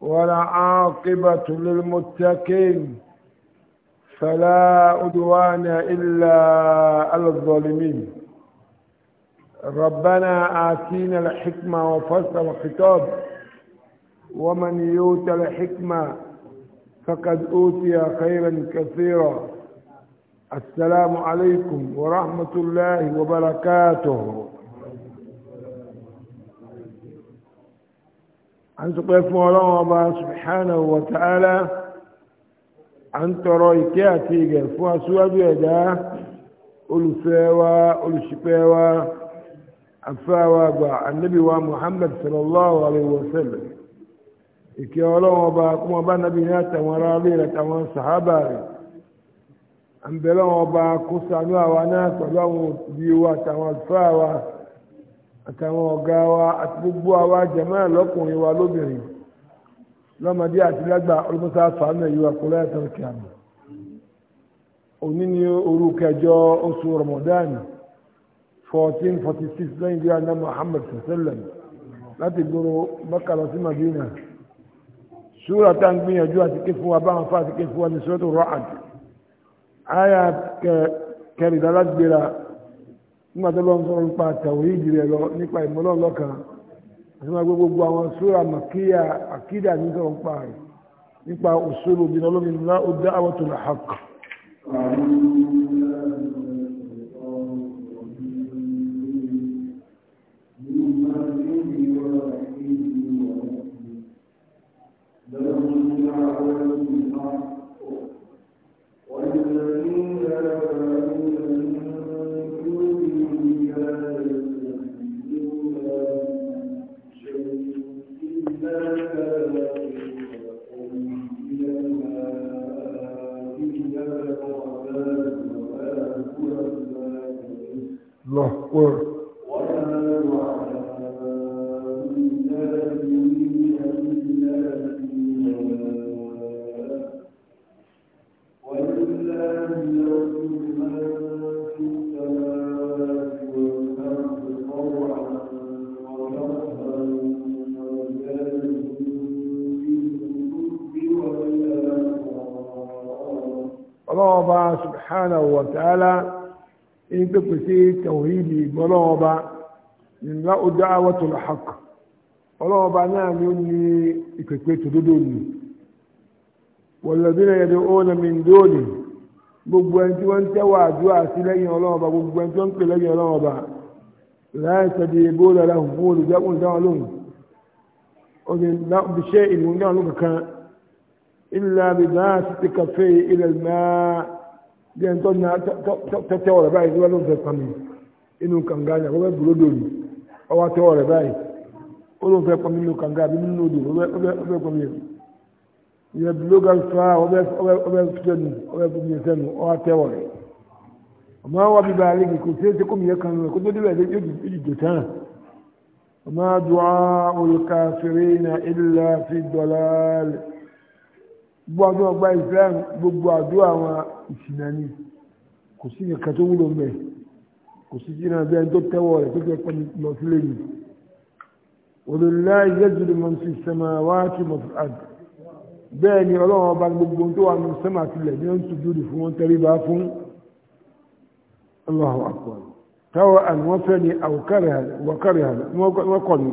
والعاقبة للمتقين فلا أدوان إلا على الظالمين ربنا آتينا الحكمة وفصل الخطاب ومن يؤت الحكمة فقد أوتي خيرا كثيرا السلام عليكم ورحمة الله وبركاته à ń sọpẹ́ fún ọlọ́run ọba subhanahu wa ta'ala à ń tọrọ ìkẹ́ àti ìgẹ̀ fún aṣíwájú ẹ̀dá olùfẹ́ wa olùṣìpẹ̀ wa afẹ́wà àgbà ànábì wa muhammad sallallahu alayhi wa sallam ìkẹ́ ọlọ́run ọba kún ọba nàbí ní àtàwọn ará rí àtàwọn sàhábà rẹ̀ à ọba kó ṣàánú àwa náà pẹ̀lú àwọn òbí wa àtàwọn àlùfáà àtàwọn ọ̀gá wa àti gbogbo àwa jẹ̀mọ́ lọ́kùnrin wa lóbìnrin lọ́mọdé àti lágbà olùmọ́sá fàánù ẹ̀yọ́ àkùrẹ́ ẹ̀tọ́ kìámù òní ni òru kẹjọ oṣù Ramadan fourteen forty six lẹ́yìn bí aná Muhammad sallam láti gbòòrò Mẹ́kà lọ sí Madina sùúrà tá à ń gbìyànjú àti ké fún wa báwọn fà àti ké fún wa ní sọ́tò rọ́ọ̀d àyà kẹrìndínlágbèrè. nígbà tó lọ́n sọ̀rọ̀ nípa tàwí ìjìrẹ̀ lọ nípa ìmọ̀lọ́lọ́kan àti máa gbé gbogbo àwọn sóra màkíyà àkídà ní sọ̀rọ̀ nípa rẹ̀ nípa òṣèlú obìnrin olómìnira ó dá àwọn tó lè hàkà. ọlọ́wọ́n ọba nígbà ó dá wọ́tò làhàk ọlọ́wọ́n ọba náà ni ó ní ìpèpè tòdodo nù wọ̀lọ́dúnrún yẹn ni ó nà mí ndóòlì gbogbo ẹni tí wọ́n ń tẹ́wọ́ àdúrà sí lẹ́yìn ọlọ́wọ́n ọba gbogbo ẹni tí wọ́n ń pè lẹ́yìn ọlọ́wọ́n ọba láì sẹ́bi ebó lọ́la fún olùdókòwò dáwọn lóhùn oge na bishe ilmu ní kankan ilà bí náà kàfé ilẹ̀ náà bí ẹni tó tẹ́wọ́ rẹ̀ báyìí ló wà lóhùn fẹ́ pàmì inú kànga ni àkọ́fẹ́ bùrọ́dò ni ọwọ́ àtẹwọ́ rẹ̀ báyìí ó ló ń fẹ́ pọnmi nínú kànga àbí nínú odò ọfẹ́ pọnmi rẹ̀ ìyẹn bùlógà fa ọfẹ́ sẹ́nu ọfẹ́ pọnmi sẹ́nu ọwọ́ àtẹwọ́ rẹ̀ ọmọ wa bíbá àlejò kò sí ẹsẹ kómi yẹn kan rẹ kó tó débẹ̀ yóò dìjọ tán ọmọ àdúrà olùkàfẹ́rẹ́ ilà fi dọ̀là rẹ̀ gbogbo àdúrà gba ìsìlẹ̀ gbogbo àdúrà àwọn ìsìnà ni kò sí nǹkan tó wúlò mẹ́rin kò sí jìnnà bí ẹni tó tẹ́wọ́ rẹ̀ tó fẹ́ pẹ́ lọ sílé yìí olùláyé yẹ́jùlù mọ̀ sí sẹ́mà wá kí mọ̀ fún àd bẹ́ẹ̀ ni ọlọ́run ọba gbogbo tó wà ní sẹ́mà tilẹ̀ ní oṣù júlù fún wọn tẹ́rí bá fún Allahu akbar táwọn àmì wọn fẹ́ ni àwòkárẹ̀ àlẹ́ wọn kọ̀ ní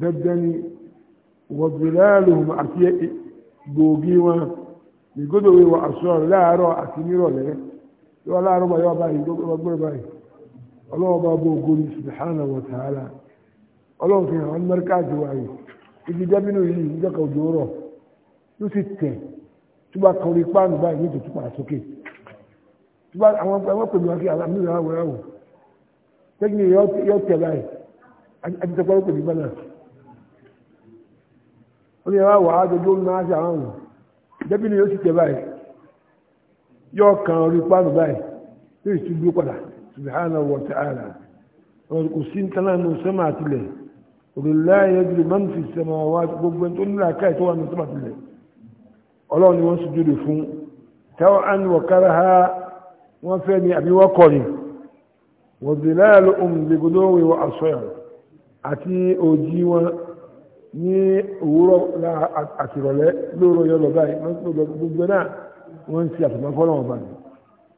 dandan ni wọ̀bìláàlùhùn àti láàárọ̀ àti nírọ̀lẹ́ yọ láàárọ̀ ọlọ́wọ́ bá bó gori subhanahu wa ta'ala ọlọ́wọ́ fi hàn mẹ́ríkàjì wáyé ibi dábìnú yìí ń jẹ́ka òjò ka ló sì tẹ̀ tó bá kọrí páànù báyìí ní ìtòtúpà sókè tó bá àwọn ẹgbẹ́ pẹ̀lú wa kí àmìlẹ̀ àwọ̀ ẹ̀wọ̀ tẹ́gìnì yọ tẹ̀ báyìí àti tẹ́kọ̀ọ́ pẹ̀lú gbọ́nà ó ní ẹ̀wọ̀ àjọjọ́ subhanahu wa ta'ala wọn kò sí nǹkan náà nù sẹ́mà àtìlẹ̀ òrùlá yẹdùrú máa ń fi sẹ́mà wá gbogbo ẹni tó nílò àká ìtọ́wà nù sẹ́mà àtìlẹ̀ ọlọ́run ni wọ́n sì dúró fún táwọn àni wọ̀kára ha wọ́n fẹ́ ni àbí wọ́n kọ́ ni wọ́n dè láàlú ohun ìgbégodó wọ́n aṣọ yàrá àti òjì wọn ní òwúrọ̀ àtìrọ̀lẹ́ lóòrò yọ lọ báyìí wọ́n gbogbo náà wọ́n ń ṣe àtìmọ́fọ́ náà báyìí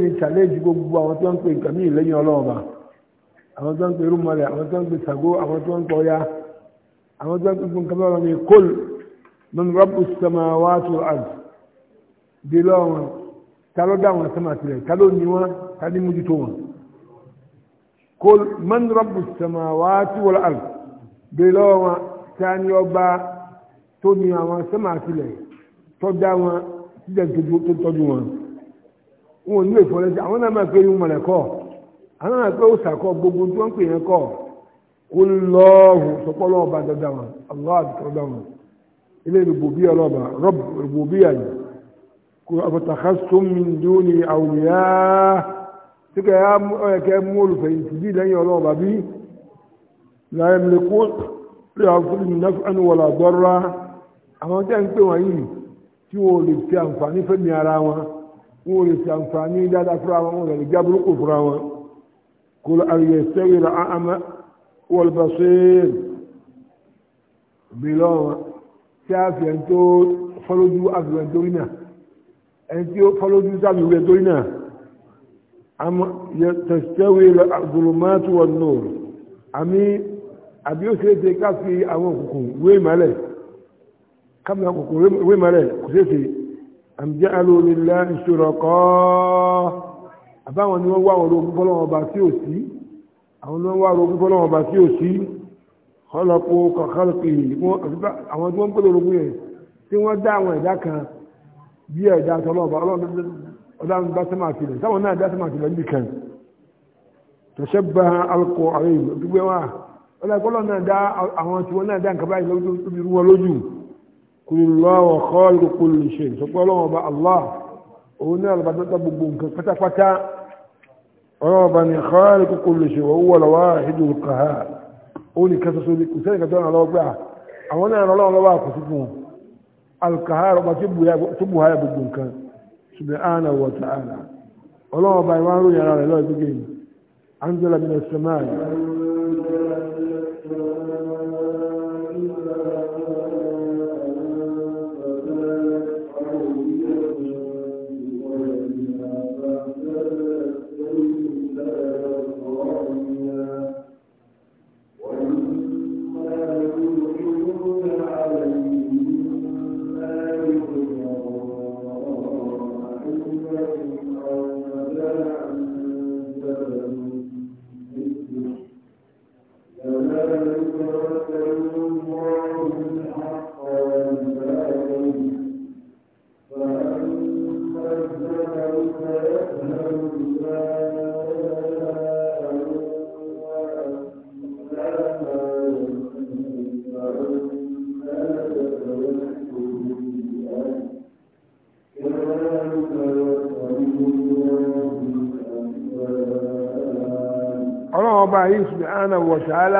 eléyìí challenge gbogbo àwọn tó ń pè nǹkan mí lẹ́yìn ọlọ́ọ̀bà àwọn tó ń pè rúmọlẹ̀ àwọn tó ń pè sago àwọn tó ń pè ọya àwọn tó ń pè fún kábàbà mi kol mọ̀nrọ́pù sọmọ wa tó àd bí lọ́wọ́n ta ló dá wọn sọmọ tilẹ̀ ta ló ní wọn ta ní mójútó wọn kol mọ̀nrọ́pù sọmọ wa tó wọlé àd bí lọ́wọ́n ta ni ọba tó ní àwọn sọmọ tilẹ̀ tó dá wọn síjà tó tọ́jú wọn wọn ò ní lè fọlẹ́ sí àwọn náà máa pé ìmọ̀lẹ̀ kọ́ àwọn náà pé òòsà kọ́ gbogbo tí wọ́n pè yẹn kọ́ kó lọ́ọ̀hùn sọpọ́ lọ́wọ́ bá dọ́dà wọn aláwọ̀ àti tọ́dà wọn ilé ìbòbí ọlọ́ba rọ́b ìbòbí àyè kò àfọ̀tàkà sómìndó ni àwòyá tí kẹ́ ẹ̀kẹ́ mú olùfẹ̀yìntì bí lẹ́yìn ọlọ́ba bí láyé mi kó lè àfúrú ní náfẹ́ni wọ̀lá dọ́rọ́ àwọn tẹ́ ń pè wọ́n yìí tí wọ́n lè fi àǹfààní fẹ́mi ara wọn wọn ò lè ṣe àǹfààní dáadáa fúra wọn wọn ò lè jábúrú kò fúra wọn kò lọ àyè sẹ́yìn rà áhàmà wọ́n bá ṣe é bí lọ́wọ́ tí a fi ẹni tó fọ́lójú àfihàn torí náà ẹni ó fọ́lójú sábì wúlẹ̀ torí náà tẹ̀sítẹ́wì àgùlùmọ́tò wọn nù àmì àbí ó ṣeé ṣe ká fi àwọn òkùnkùn wé ìmọ̀lẹ̀ ká òkùnkùn wé ìmọ̀lẹ̀ kò ṣeé ṣe am ja'alu lillahi shuraka àbáwọn ni wọ́n wá ọ̀rọ̀ ogun fọ́lọ́wọ́n ọba tí ò sí àwọn ni wọ́n wá ọ̀rọ̀ ogun fọ́lọ́wọ́n ọba tí ò sí khalaqu ka khalqihi àwọn tí wọ́n ń pèlè orogún yẹn tí wọ́n dá àwọn ẹ̀dá kan bí ẹ̀dá tọ́lọ́ọ̀bá ọlọ́run bá sẹ́mà sílẹ̀ náà dá sẹ́mà sílẹ̀ níbi kulillah wa khaliqu kulli shay sọ pé ọlọ́run ọba allah òun ní àlùbádọ́tà gbogbo nǹkan pátápátá ọlọ́run ọba ní khaliqu kulli shay wa huwa al-wahidul qahhar ó ní kẹsàn sórí kò sẹ́yìn kẹsàn án lọ́wọ́ gbà ah, àwọn náà ràn ọlọ́run lọ́wọ́ àkọsí fún wọn al-qahhar ọba tó gbogbo nǹkan subhanahu wa ta'ala ọlọ́run ọba ìwà ń ròyìn ara rẹ̀ lọ́wọ́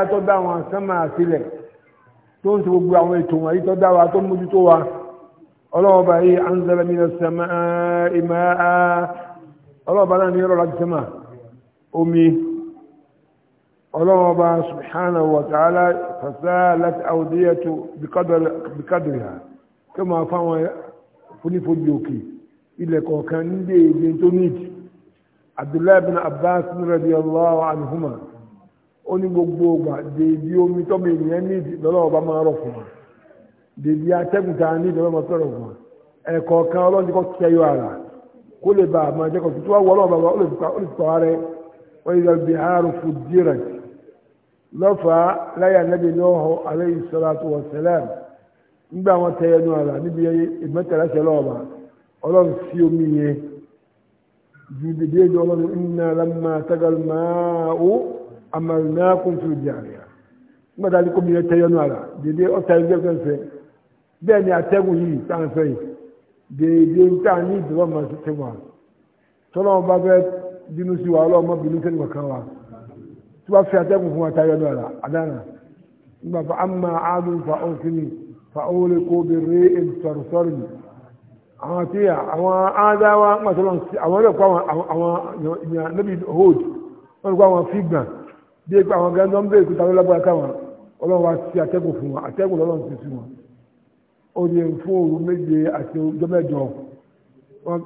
dá tó dá wọn sánmà sílẹ̀ tó ń ṣe gbogbo àwọn ètò wọ̀nyí tó dá wa tó mójútó wa ọlọ́wọ́ bá yí anzala minas samaa'i ma'a ọlọ́wọ́ bá náà ní ọlọ́wọ́ láti sánmà omi ọlọ́wọ́ bá subhanahu wa ta'ala fasalat awdiyatu bikadriha kí wọ́n fáwọn fúnífojú òkè ilẹ̀ kọ̀ọ̀kan ní déédéé tó abdullahi bin abbas radiyallahu anhuma ó ní gbogbo ògbà dèbí omi tọ́mọ ènìyàn ní ìdí lọ́lọ́wọ́ ọba máa rọ̀ fún wa dèbí atẹ́gùn tá a ní ìdí lọ́lọ́wọ́ sọ̀rọ̀ fún wa ẹ̀kọ́ kan ọlọ́run ti kọ́ kẹyọ àrà kó lè bá àmọ́ ẹ̀jẹ̀kọ̀ tuntun wọ́n ọlọ́run bàbá ó lè wọ́n fún salatu wa nígbà wọn tẹ níbi ìmẹ́tẹ̀lẹ́sẹ̀ lọ́ọ̀bà ọlọ́run omi yẹn ju ọlọ́run tagal amalnakum fil jariya nígbà tá a ní kómi yẹn tẹ́yọ́nù ara dédé ọ̀tá ẹgbẹ́ fẹ́fẹ́ bẹ́ẹ̀ ni atẹ́gùn yìí tá à ń fẹ́ yìí dédé ń tà ní ìdúró máa ṣe tẹ́wà tọ́lọ́ ọba fẹ́ bínú sí wa ọlọ́mọ bínú sẹ́ni kankan wa tí wàá fi atẹ́gùn fún wa tẹ́yọ́nù ara àdáná nígbà fa ama aadùn fa òfìní fa òwúlé kó bi rí ìtọ̀rọ̀sọ̀rọ̀ mi àwọn tí àwọn ádáwa ń àwọn ẹ̀rọ kó àwọn àwọn níbi hold wọ́n kó àwọn fígbà bí egbò àwọn gan náà ń bèrè kúta lọ́gbàá káwọn ọlọ́run wa ti atẹ́gùn fún wọn atẹ́gùn lọ́lọ́run ti fún wọn ó yẹ fún òru méje àti ọjọ́ mẹ́jọ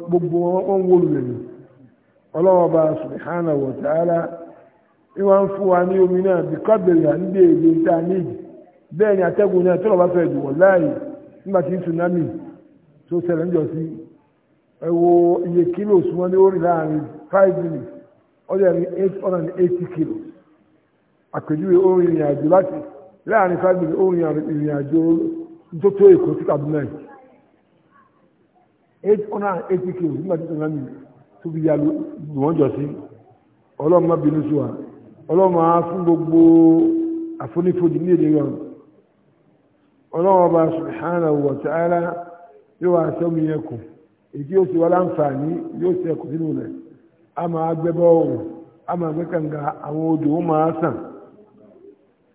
gbogbo wọn ń wọlé lẹ́nu ọlọ́run ọba subhanahu wa ta'ala ni wọ́n ń fún wa ní omi náà bí kábẹ̀rẹ̀ à ń bèrè tá a ní bẹ́ẹ̀ ni atẹ́gùn náà tó lọ́ba fẹ́ jù wọ́n láàyè nígbà tí tsunami tó ṣẹlẹ̀ ń jọ sí ẹ wo iye kílò sùnwọ́n ní orí láàrin five minutes ọjọ́ ìrìn eight hundred and eighty kilos àpèjúwe orin ìrìn àjò láti láàrin fábílì orin ìrìn àjò tó tó èkó sí Kaduna yìí eight hundred and eighty kilos nígbà tí tó fi wọ́n jọ sí ọlọ́run má bínú sí wa ọlọ́run á fún gbogbo àfonífojì ní èdè yọrùn ọlọ́run ọba subhanahu wa ta'ala yóò wá yẹn kù èyí yóò ṣe wá láǹfààní yóò ṣe sínú a máa gbẹ́bọ́ ọ̀hún a máa gbẹ́kànga àwọn odò ó máa sàn.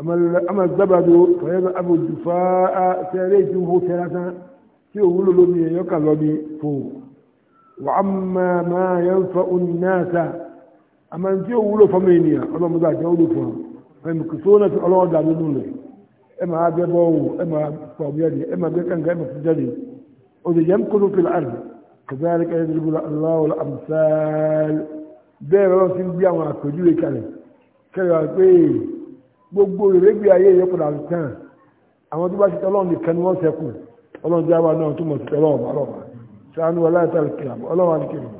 أما الزبد فيذهب الجفاء سيريته ثلاثة tí ò wúlò lómi èèyàn kà lọ́bi fò wà á máa máa yẹn fa oní náà ta àmà tí ò wúlò fọmọ ènìyàn ọlọ́mọdé àti ọ̀hún fún un ẹnì kò sówó náà fi ọlọ́wọ́ dà nínú rẹ̀ ẹ máa bẹ bọ́ọ̀wù ẹ máa pa ọ̀bí ẹ̀dì ẹ máa bẹ kànga ẹ máa fi jáde òdè yẹn kó ló fi là àrùn kàdáàrí kẹ́ ẹ̀dì ìbúra aláwọ̀ àmsáàlì bẹ́ẹ̀ lọ́wọ́ sí bí àwọn àpèjúwe kalẹ̀ kẹ́rẹ́ wà pé gbogbo ìrégbé ayé yẹn padà tán àwọn tó bá ti tọ́lọ́run nìkan ni wọ́n sẹ́kù ọlọ́run jẹ́ àwọn náà tó mọ̀ sí tọ́lọ́run bá rọ̀bà sanu aláìsàn kìlà ọlọ́run àti kìlà.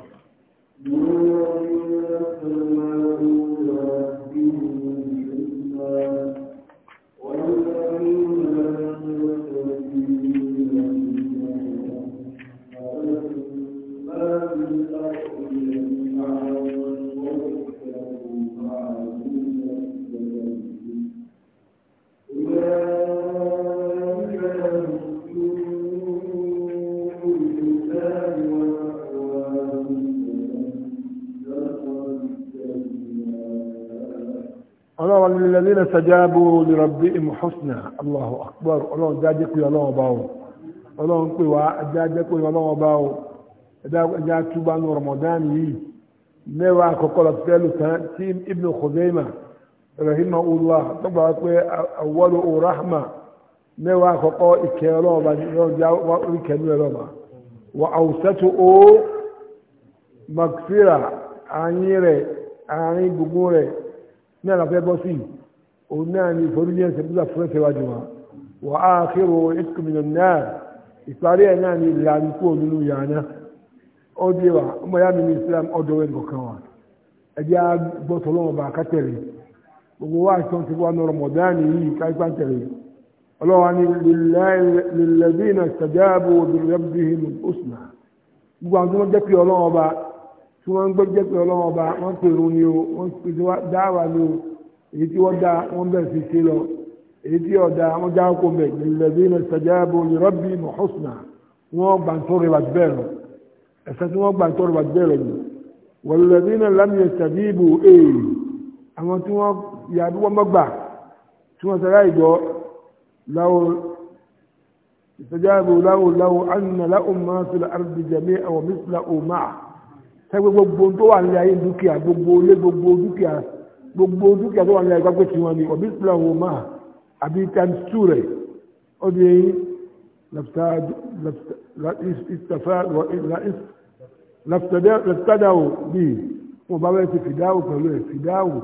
استجابوا لربهم حسنا الله أكبر الله جاجك يا الله باو الله انقوا جاجك يا الله باو جاء توبان رمضان يي ميوا كوكولا تيلو تيم ابن خزيمة رحمه الله طبعا أوله رحمة ميوا كوكو إكيلو با وأوسطه مغفرة عن يري عن بقوره نعم في بسيط òun náà ni ìforíjì ẹ̀ṣẹ̀ nígbà fún ẹ̀ṣẹ̀ wájú wa wà á kérò ìkùnmìnà náà ìparí ẹ̀ náà ni ìlànà kú òmìnú yàrá ó dé wa ọmọ yá mi ní Islam ọdọ wẹ̀ nìkan wa ẹjẹ́ gbọ́tọ̀ lọ́wọ́ bá kátẹ̀lé gbogbo wa àìsàn ti wà nọ̀rọ̀ mọ̀dáàni yìí káyipá tẹ̀lé ọlọ́wà ni lilladhina istajabu bi rabbihim al-husna gbogbo àwọn tí wọ́n jẹ́ pé ọlọ́wọ́ bá tí wọ́n ń jẹ́ pé ọlọ́wọ́ bá wọ́n pè èyí tí wọ́n dá wọ́n bẹ̀ sí ṣe lọ èyí tí ọ̀dà wọ́n já kó bẹ̀ lẹ́bí ní sàjáàbò lirabbi muhusna wọ́n gbà tó rẹwà bẹ́ẹ̀ lọ ẹ̀sẹ̀ tí wọ́n gbà tó rẹwà bẹ́ẹ̀ lọ ni wọ́n lẹ́bí ní lam yastajibu ee eh, àwọn tí wọ́n yàrá wọ́n mọ́gbà tí wọ́n sara ìjọ láwọn ìsàjáàbò láwọn láwọn anna láwọn máa fi ardi jami'a wa mislahu ma'a sẹ́gbẹ́ gbogbo tó wà ní ayé dúkìá gbogbo lé gbogbo dúkìá gbogbo dúkìá tó wà ní ẹgbẹ́ pé tí wọ́n ní ọ̀bí ìpìlẹ̀ wọn máa àbí times two rẹ̀ ó di eyín lẹ́fítàdáwò bí wọ́n bá bẹ́ẹ̀ ti fìdáwò pẹ̀lú ẹ̀ fìdáwò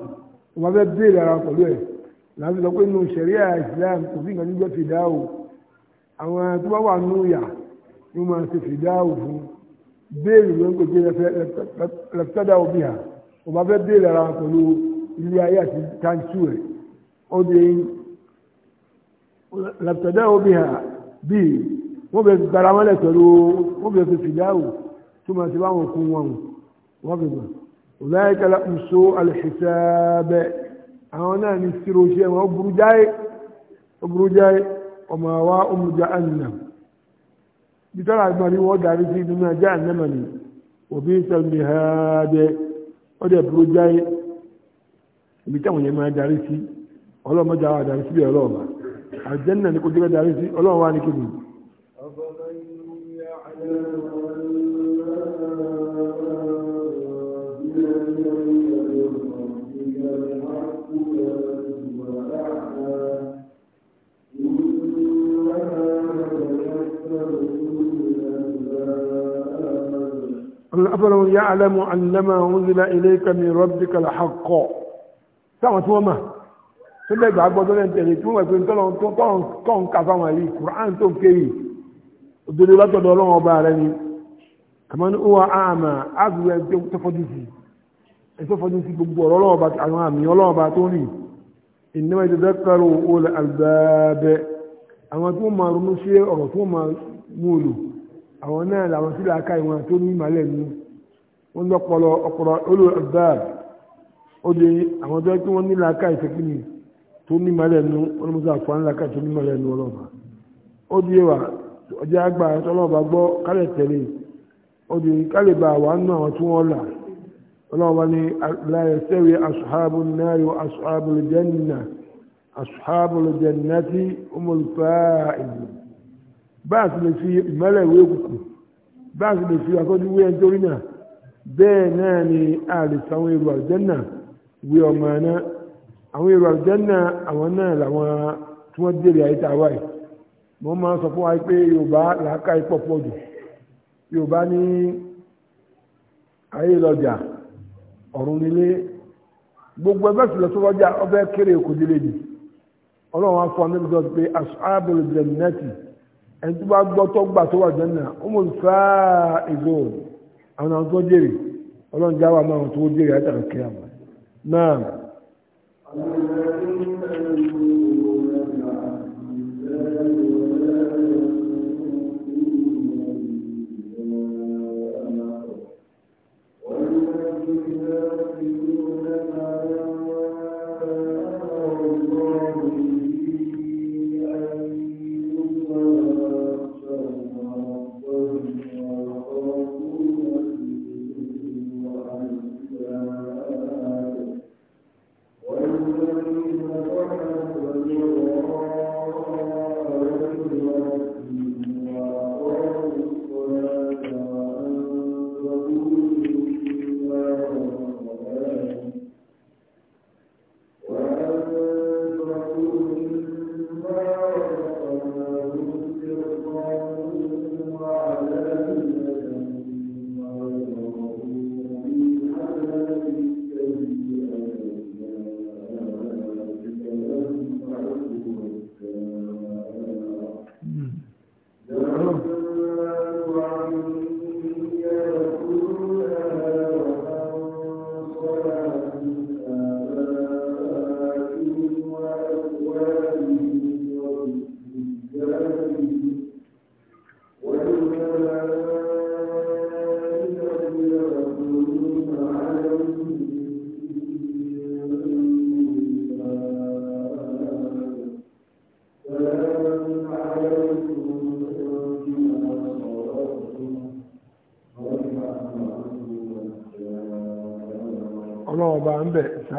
wọ́n bá bẹ́ẹ̀ béèrè ara pẹ̀lú ẹ̀ láti lọ pé nù sẹ̀ríà Islam kò sí nǹkan níjẹ́ fìdáwò àwọn tó bá wà nù yà ni wọ́n máa ti fìdáwò fún béèrè ló ń pè jẹ́ bá bẹ́ẹ̀ béèrè ara pẹ̀lú ẹ̀ ilé ayé àti táǹtù rẹ̀ ó di làbùtàdá omi hà bíi wọ́n bẹ̀ fi gbara mọ́lẹ̀ pẹ̀lú wọ́n bẹ̀ fi fìdáwò tó máa ti báwọn kún wọn wọ́n bẹ̀ gbọ́n ọ̀láyé kala muso alẹ́sẹ̀sẹ̀ àwọn náà ní sírò iṣẹ́ wọn ó burú jáì ó burú jáì ọmọ àwa ọmọdé àná bitara agbọn ni wọ́n darí sí inú náà jáì náà mà ní òbí sẹ́lmi hàdẹ́ ibi táwọn yẹn máa darí sí ọlọ́run máa dáwà darí síbi ọlọ́run bá àjẹ́nà ni kò jẹ́ darí sí ọlọ́run wá ní kébù. أفلم يعلم أنما أنزل إليك من ربك الحق sáwọn tí wọ́n mà tó lẹ́gbẹ̀ agbọ́dọ́ lẹ́nu tẹ̀lé tí wọ́n wẹ̀ pé tọ́lọ̀ ń kà fáwọn yìí Quran tó ń ké yìí òdodo látọ̀dọ̀ ọlọ́run ọba rẹ ni àmọ́ ní wọ́n àmà àbúrẹ́ tó fọ́jú sí ẹ̀tọ́ fọ́jú sí gbogbo ọ̀rọ̀ ọlọ́run ọba àwọn àmì ọlọ́run ọba tó rìn ìnáwó ìdẹ́dẹ́ kẹrù olè àgbàbẹ àwọn tó máa ronú sí ọ̀rọ̀ tó máa mú olò àwọn náà làwọn sílẹ̀ aká ìwọn tó ní ìmàlẹ̀ nínú wọn lọ́pọ̀lọ ọ̀pọ̀lọ olè àgbàbẹ ó de àwọn tó yẹ wọ́n ní làákà tó ní malẹ̀ nu wọ́n mú làákà tó ní malẹ̀ wa ọjà àgbà ọlọ́ba gbọ́ kálẹ̀ tẹ̀lé kálẹ̀ bá àwọn tí wọ́n là láyé sẹ́wé asuhabu asuhabu asuhabu ìlú báà sì lè fi ìwé òkùnkùn báà sì lè fi náà bẹ́ẹ̀ náà ni àlè sáwọn èrò àjẹ́ wí ọmọ náà àwọn èrò àjẹ́nà àwọn náà làwọn tí wọ́n dèrè àyíká wa yìí wọ́n máa sọ fún wa pé yorùbá làákà ipò pọ̀ jù yorùbá ní ayé lọ́jà ọ̀run nílé gbogbo ẹgbẹ́ sì lọ sí lọ́jà ọbẹ̀ kéré kò délé ni ọlọ́run á fọ anábì sọ pé asábẹ̀rẹ̀ bẹ̀rẹ̀ nẹ́ẹ̀tì ẹni tó bá gbọ́ tó gbà tó wà jẹ́nà ó mọ̀ sáà ìzó àwọn àwọn tó jèrè ọlọ́run jáwọ́ àmọ́ àwọn tó jèrè àtàkùn kí àmọ́ نعم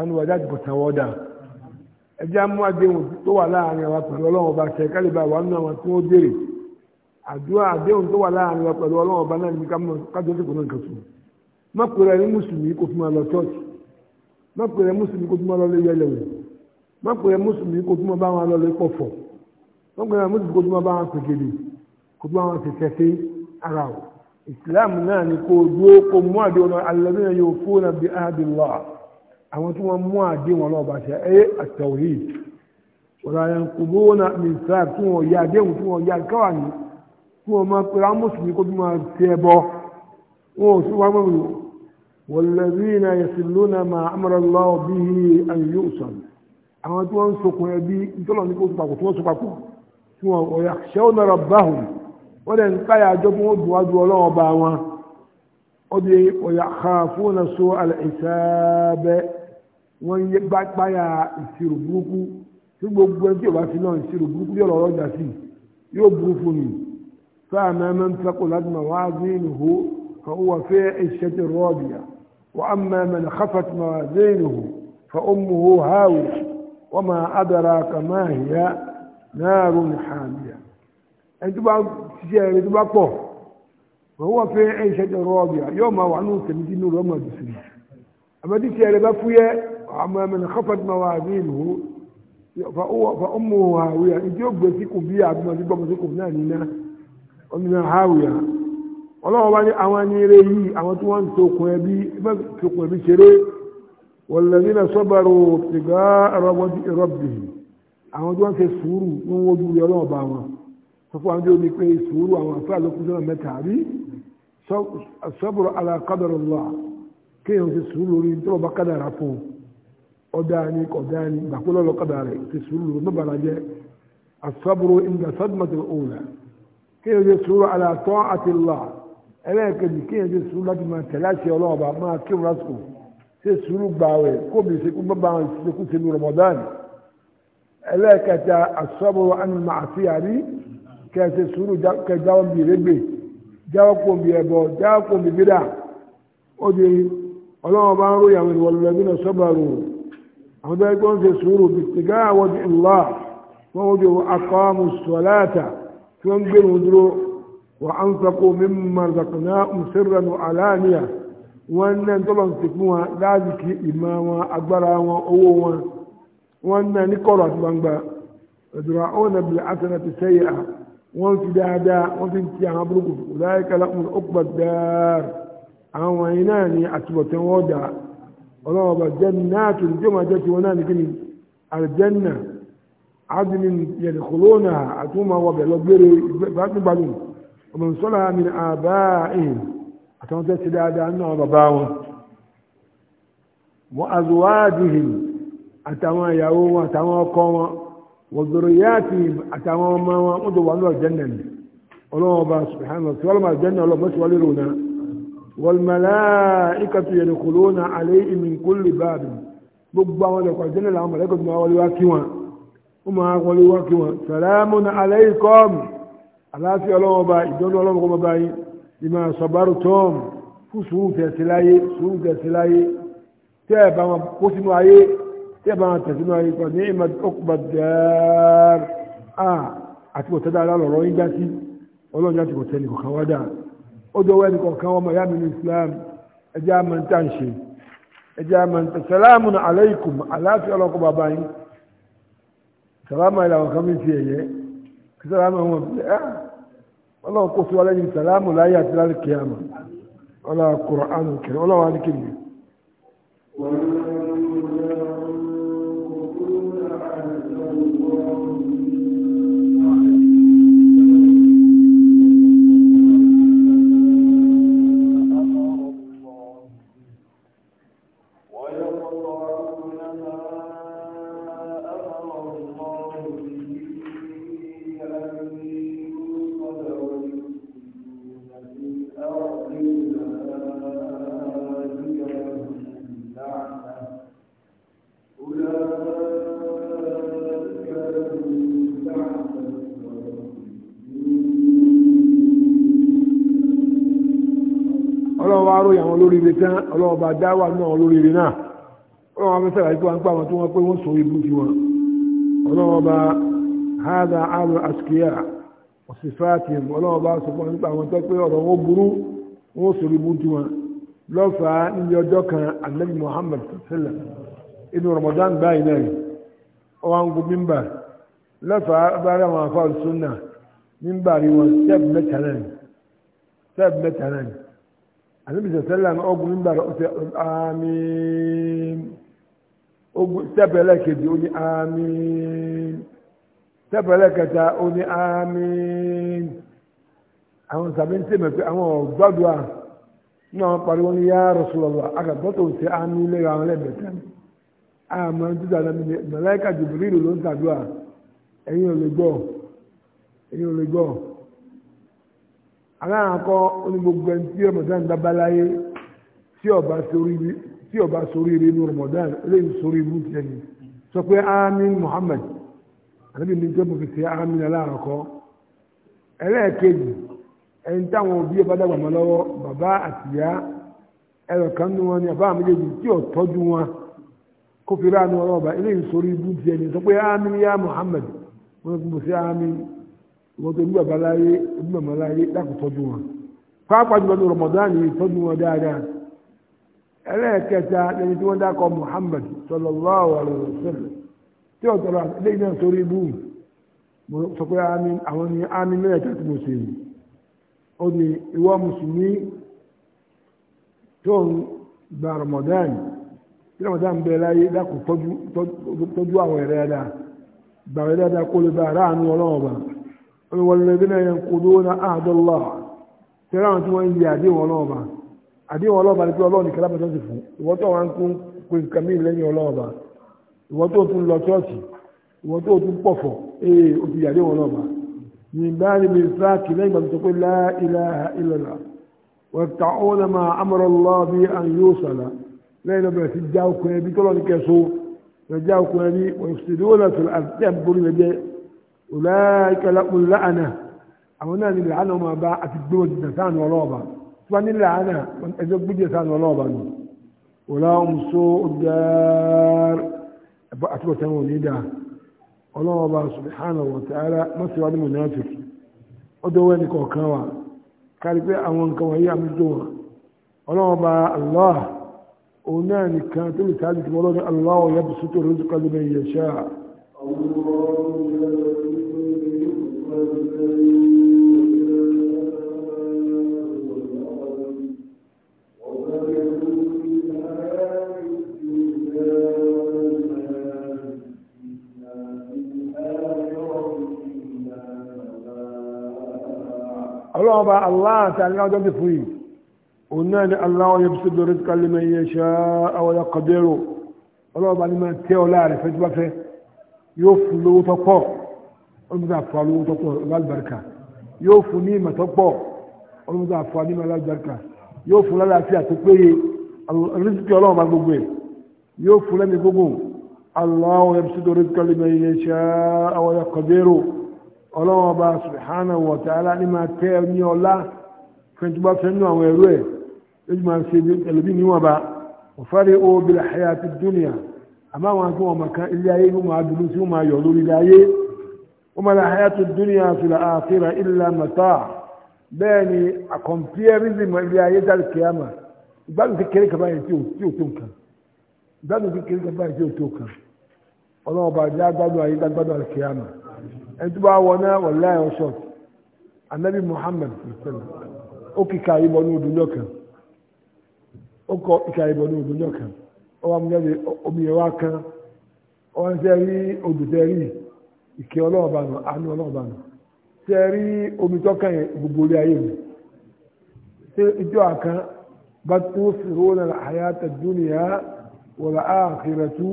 ṣàánú wa jáde kò tàn wọ́n dà ẹjẹ́ amú àdéhùn tó wà láàrin wa pẹ̀lú ọlọ́run ọba ṣe kálí bá wà nínú àwọn tí wọ́n béèrè àdúrà àdéhùn tó wà láàrin wa pẹ̀lú ọlọ́run ọba náà ní kájọ́ tó kùnà nǹkan sùn mọ́kùnrin ní mùsùlùmí kò fún wa lọ chọ́ọ̀chì mọ́kùnrin mùsùlùmí kò fún wa lọ lé yẹlẹ̀ wò mọ́kùnrin mùsùlùmí kò fún wa bá wọn lọ lé pọ̀fọ̀ àwọn tí wọ́n mú àdé wọn lọ́wọ́ bá ṣe ẹ́ àtẹ̀wé ọ̀rọ̀ kòbó náà mìíràn tí wọ́n ya àdéhùn tí wọ́n ya káwà ní tí wọ́n máa pèrè amúsùnmí kó bí máa tẹ ẹ bọ́ wọn ò sí wá mọ́ mi wọ̀lẹ́bí na yẹ̀sìlú na máa amọ̀rọ̀ lọ bí ayé yóò àwọn tí wọ́n ń sokùn ẹbí ìtọ́lọ̀ ní kó sopapọ̀ tí tí wọ́n ọ̀yà ṣẹ́wó na wọ́n ọ̀yà wọ́n ń yé gbáyà ìṣirò burúkú tí gbogbo ẹni tí yóò bá fi náà ìṣirò burúkú yóò lọ́rọ́ ọjà sí yóò burú fún mi sáà náà máa ń fẹ́kọ̀ọ́ láti máa wá sí ìnùhó فهو في عشة راضية وأما من خفت موازينه فأمه هاوية وما أدراك ما هي نار حامية أنتم سجارة بقى فهو في عشة راضية يوم وعنو سمدين رمى بسرية أما دي سجارة بقى أما من خفت موازينه فأمه هاوية إنت يبقى سيكم بيها بما يبقى سيكم نانينا ومن هاوية ọlọ́wọ́ bá ní àwọn ní eré yìí àwọn tí wọ́n ń tokùn ẹbí tokùn ẹbí ṣeré wọ̀lẹ́bí náà sọ́bàrò tìgá rọ́bì àwọn tí wọ́n ń ṣe sùúrù ní wọ́n ojú ọlọ́wọ́ bá wọn sọ fún àwọn tí ó ní pé sùúrù àwọn àfẹ́ àlòkùn sọ́nà mẹ́ta àbí sọ́bàrò alákàdàrọ̀ lọ́à kéèyàn ṣe sùúrù lórí tí wọ́n bá kádàrà fún un ọdá ni kọjá ni gbàkúlọ̀ lọ́kọ̀dá rẹ̀ ti sùúrù ló bàrà jẹ́ asaburu inda sadmatu ọ̀la kí ẹ jẹ́ sùúrù ala ta'ati Allah ẹlẹ́ẹ̀kejì kí ẹ jẹ́ sùúrù láti máa tẹ̀lé àṣẹ ọlọ́ọ̀bà máa kí wọn lásìkò ṣe sùúrù gbààwẹ̀ kó bí ṣe kú bàbá ṣekú ṣe ní Ramadan ẹlẹ́ẹ̀kẹta asaburu anu ma'asiyari kí ẹ ṣe sùúrù kẹjáwọ́ bí rẹ́gbẹ̀ jáwọ́ kó ẹbọ jáwọ́ kó bídà ó di ọlọ́wọ́ ń ròyìn àwọn ìwọlọ́lẹ́bí àwọn tó ẹgbọ́n ṣe sùúrù bìtìgá àwọn ti ńlá wọ́n wọ́n jọ akọ́mù sọ̀láàtà tí wọ́n gbé wọn dúró wà á ń sako mímọ zàkànná mùsírànù àlàáníà wọ́n ń nẹ́ni tọ́lọ̀ ń ti fún wọn láàzìkì ìmọ̀ wọn agbára wọn owó wọn wọ́n ń nẹ́ni kọ̀rọ̀ àti gbangba ẹ̀dùrà ó nà bìlẹ̀ àtẹnà ti sẹ́yìn à wọ́n fi dáadáa wọ́n fi ń ti àwọn burúkú láyé kálá ọkùnrin ó pàdé àwọn wọ̀nyí náà ni àtúbọ̀tán wọ́n dáa ọlọ́wọ́ bá jannatul tí ó máa jẹ́ tiwọn náà ní kíni aljanna adinin yadkhuluna àti wọn máa wọ bẹ̀rẹ̀ lọ́gbére gbàgbọ́n ọmọ nsọ́lá min aba'ihim àtàwọn tẹ́sí dáadáa nínú àwọn bàbá wọn wa azwajihim àtàwọn ìyàwó wọn àtàwọn ọkọ wọn wa dhurriyyatihim àtàwọn ọmọ wọn wọ́n tó wà ní aljanna ni subhanahu wa ta'ala aljanna ọlọ́mọ wal-malā'ikatu yadkhulūna 'alayhim min kulli bāb gbogbo àwọn ọ̀dọ̀kọ̀ àjẹ́nà làwọn mọ̀lẹ́kọ̀ tó máa wọlé wá kí wọn ó máa wọlé wá kí wọn salāmun 'alaykum aláàfin ọlọ́wọ́ bá ìjọ́nú ọlọ́wọ́ kọ́ bá yín ìmọ̀ sọ̀bárù tọ́m fún sùúrù tẹ̀sí láyé sùúrù tẹ̀sí láyé tẹ́ ẹ̀ bá wọn kó sínú ayé tẹ́ ẹ̀ bá wọn tẹ̀sí náà ikọ̀ ní ìmọ̀ ọkùnbà dẹ́ẹ̀rẹ́ àti ọ̀tẹ́dá alálọ̀rọ̀ yín já sí ọlọ́run já sí ọ̀tẹ́ nìkan kan wá dáa ó dọwọ́ ẹnì kọ̀ọ̀kan ọmọ ìyá mi ní Islam ẹjẹ́ àmọ́ níta ń ṣe ẹjẹ́ àmọ́ níta sàlámù aláìkùm aláàfin ọlọ́kọ̀ bàbá yín sàlámù àìlàwọ̀ kan mi ti ẹ̀yẹ kí sàlámù àwọn ọ̀bẹ ẹ́ ah, ọlọ́run sí wa lẹ́yìn sàlámù láyé àti láyé kìí àmọ́ ọlọ́run kùrọ̀ àánú kìí ọlọ́wọ́ ọba dá wà náà lóríire náà ọlọ́wọ́ bá sẹ́wà ikú wa ń pa àwọn wọ́n pé wọ́n sọ ibú ti wọn ọlọ́wọ́ bá hádà àrùn àṣìkíyà òṣìfàtì ọlọ́wọ́ bá sọ fún nípa tó pé ọ̀rọ̀ wọn burú wọ́n sọ ibú ti wọn níbi ọjọ́ kan Muhammad sallam inú Ramadan báyìí náà ọwọ́ ń gun mímbà mímbà rí wọn sẹ́ẹ̀bù mẹ́ta náà sẹ́ẹ̀bù mẹ́ta ànábì sẹ̀sẹ̀lá ní ọgùn nígbà rẹ̀ ọ̀sẹ̀ àmín ogun sẹ́pẹ̀lẹ̀ kejì ó ní àmín sẹ́pẹ̀lẹ̀ kẹta ó ní àmín àwọn sàbẹ̀ ń tẹ̀ mẹ́ pé àwọn ọ̀gbádùá ní àwọn pariwo ní yá Rasulullah àgàgbọ́tò ṣe àmín lẹ́yìn àwọn ẹlẹ́bẹ̀tẹ̀ àmọ́ títà náà mẹ́láìkà Jibril ló ń tàdúrà ẹ̀yin ò lè gbọ́ ẹ̀yin ò lè gbọ́. a onígbogbo ẹni tí Ramadan dábàláyé tí ọba sórí rí inú Ramadan eléyìí sórí ibú tiẹ̀ ni sọ pé amin Muhammad àdébí ní jẹ́bù fi ṣe amin aláàkọ́ ẹlẹ́ẹ̀kejì ẹni táwọn òbí ọba dàgbà mọ́ lọ́wọ́ bàbá àtìyá ẹ̀rọ kan nínú wọn ni àbá tí ò tọ́jú wọn kó fi sórí sọ pé amin ya Muhammad wọn kò sí amin wọn tó ní bàbá láyé ní màmá láyé wọn pàápàá jùlọ ní Ramadan yìí tọ́jú wọn dáadáa ẹlẹ́ẹ̀kẹta lẹni tí wọ́n dákọ̀ Muhammad sallallahu alaihi wasallam tí ó tọrọ lẹ́yìn náà sórí ibú mo sọ pé àwọn ni ámì mẹ́rẹ̀ẹ́ta tí mo sèlú ó ní ìwọ mùsùlùmí tó ń gba Ramadan tí bẹ láyé tọ́jú àwọn ẹ̀rẹ́ gbàwé dáadáa kó lè bá aráàánú ọlọ́wọ́ bá. walladhina yanquduna ahda Allah tẹ́lá àwọn tí wọ́n ń yẹ àdéhùn ọlọ́ọ̀bà àdéhùn ọlọ́ọ̀bà ni pé ọlọ́ọ̀ni kẹlábàtà ti fún ìwọ́n tó wọn kún pé nǹkan mí lẹ́yìn ọlọ́ọ̀bà ìwọ́n tó tún lọ chọ́ọ̀chì ìwọ́n tó tún pọ̀fọ̀ ee o ti yẹ àdéhùn yìnbá ni mi sáàkì ما امر الله به يوصل لين بس جاوكم يبي كلون كسو وجاوكم يبي ويفسدون في الارض أولئك لهم اللعنة àwọn náà ní làánà ọmọ ọba àti gbóhùn jìnnà sáànù ọlọ́ọ̀bà tí wọ́n ní làánà ẹjọ́ gbójì sáànù ọlọ́ọ̀bà nù ọ̀la ọmọṣọ́ ọ̀dàr àti ọ̀tẹ̀ wọn ní dáa ọlọ́ọ̀bà subhanahu wa ta'ala mọ́síwá ní monafik ọdọ̀ wẹ́ ní kọ̀ọ̀kan wa kárí pé àwọn nǹkan wọ̀nyí àmújọ wọn ọlọ́ọ̀bà allah òun náà nìkan tó lè sáájú tí wọ́n lọ́ ọlọ́wọ́ bá Allah àti aláwọ̀jọ́ ti fún yìí òun náà ni aláwọ̀ yẹ bísí lórí kalẹ̀ mẹ́ iye ṣá àwọ̀yà kọ̀dẹ́rò ọlọ́wọ́ bá ní máa tẹ́ ọ láàrin fẹ́ tí wọ́n fẹ́ yóò fún lówó tó pọ̀ olùmọ̀tà fún alówó tó pọ̀ lálùbáríkà yóò fún ní ìmọ̀ tó pọ̀ olùmọ̀tà fún ní lálùbáríkà yóò fún lálàáfíà tó péye rísíkì ọlọ́wọ́ gbogbo ẹ̀ yóò fún lẹ́ni gbogbo aláwọ̀ yẹ bísí lórí kalẹ̀ mẹ́ iye ṣá àwọ̀yà kọ̀dẹ́rò ọlọ́wọ́n ọba subhanahu wa ta'ala ní máa tẹ́ ẹ ní ọlá fẹ́ntì bá fẹ́ nú àwọn ẹrú ẹ̀ lójú máa ṣe ẹlòmí níwọ̀n bá òfárí ó bil hayati dunya àmọ́ àwọn akẹ́ wọn màkà ilé ayé ló máa dùnú sí wọn máa yọ̀ lórí ilé ayé ó máa la hayati dunya fil akhirah illa mata' bẹ́ẹ̀ ni àkọ̀mpiẹ́rìsìm ilé ayé dárì kíámà ìgbádùn kékeré kaba yẹn tí ò tó nǹkan ìgbádùn kékeré kaba yẹn tí ò tó nǹkan ọlọ́wọ́n bá dá gbádùn ayé dá gbádùn àlùkíámà. ẹni tó bá wọ náà wọ̀ anabi muhammed sọ̀rọ̀ ó kíkà ìbọn ní odò ọ ó kọ kíkà ìbọn ní odò lọ́kàn ó wà omi yẹn wá ó ń sẹ́ rí odò tẹ́ rí ìkẹ́ ọlọ́ọ̀bà nù àánú ọlọ́ọ̀bà nù tẹ́ rí omi yẹn gbogbo orí ayé mi ṣé ijó àkàn bá tó fìró náà àyàtà dúnìyà wọ̀lá àkìrẹ̀tú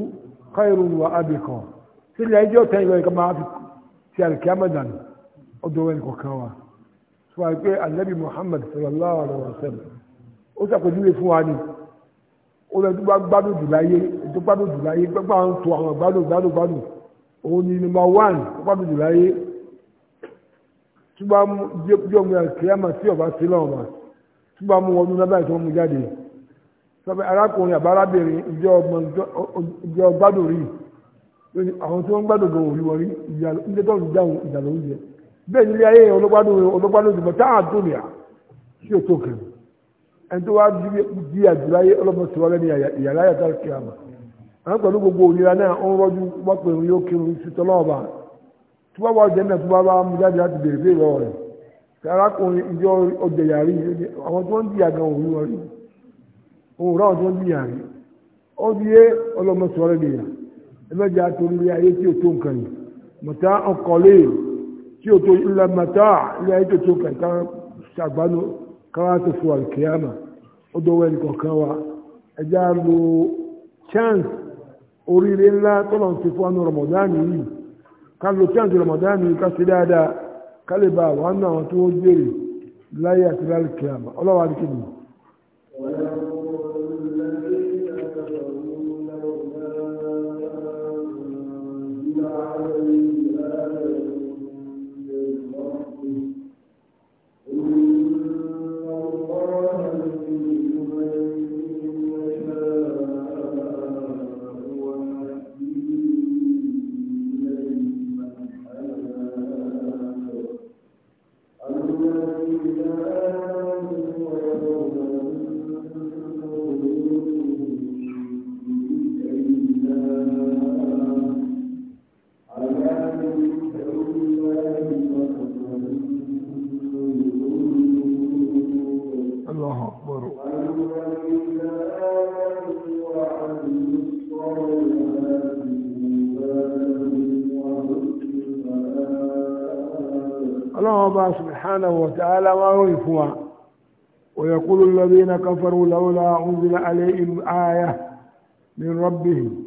káyọ̀rù wà ábìkan ti alikiyama dànù ó dọwọ́ ẹnì kọ̀ọ̀kan wa sọ wáyé pé anabi muhammad sallallahu alayhi wa sallam ó sàpèjúwe fún wa ni ó lọ tó bá gbádùn jù láyé tó gbádùn jù láyé gbẹ́gbà ń to àwọn gbádùn gbádùn gbádùn òun ni number one tó gbádùn jù láyé tó tí ọba sí lọ́wọ́ ma tó bá mú wọn ní lábẹ́ mú jáde sọ arákùnrin àbárábìnrin ìjọ gbádùn rí lónìí àwọn tí wọ́n ń gbádùn gan òrí wọrí ilé tó ń dáhùn ìdàlú oúnjẹ bẹ́ẹ̀ nílé ayé ọlọ́gbádùn ọlọ́gbádùn ìdìbò táwọn àdúrà sí òtó kan ẹni tó wá di àdúrà ayé ọlọ́mọ sí wọlé ní ìyàrá yàtọ̀ kí a mọ̀ àwọn pẹ̀lú gbogbo ònira náà ó ń rọ́jú wọ́n pè ń yóò kírun sí tọ́lọ́ọ̀bà tí wọ́n wá jẹ́ náà tí wọ́n bá mú jáde láti béèrè béèrè lọ́wọ́ rẹ̀ kí arákùnrin ìjọ ọjà yàrí àwọn tó ń jìyà gan òun wọrí òun rà àwọn tó ń jìyà rí ó di é ọlọ́mọ sọ̀rọ̀ nìyà ẹgbẹ́jà torí ilé ayé tí ó tó nǹkan yìí mọ̀tá ọkọ̀lé tí ó tó ilẹ̀ mọ̀tá ilé ayé tó tó nǹkan kan ṣàgbánu káwá tó fún alkiyama ó dọ̀wọ́ ẹnì kọ̀ọ̀kan wa ẹjá lo chance oríire ńlá tọ́lọ̀ ti fún anu rọmọdánì yìí ká lo chance rọmọdánì yìí ká ṣe dáadáa ká lè bá àwọn àwọn tó ń jèrè láyé àti lálẹ́ kiyama ọlọ́wà ní الحمد لله كفروا لولا أنزل عليهم آية من ربهم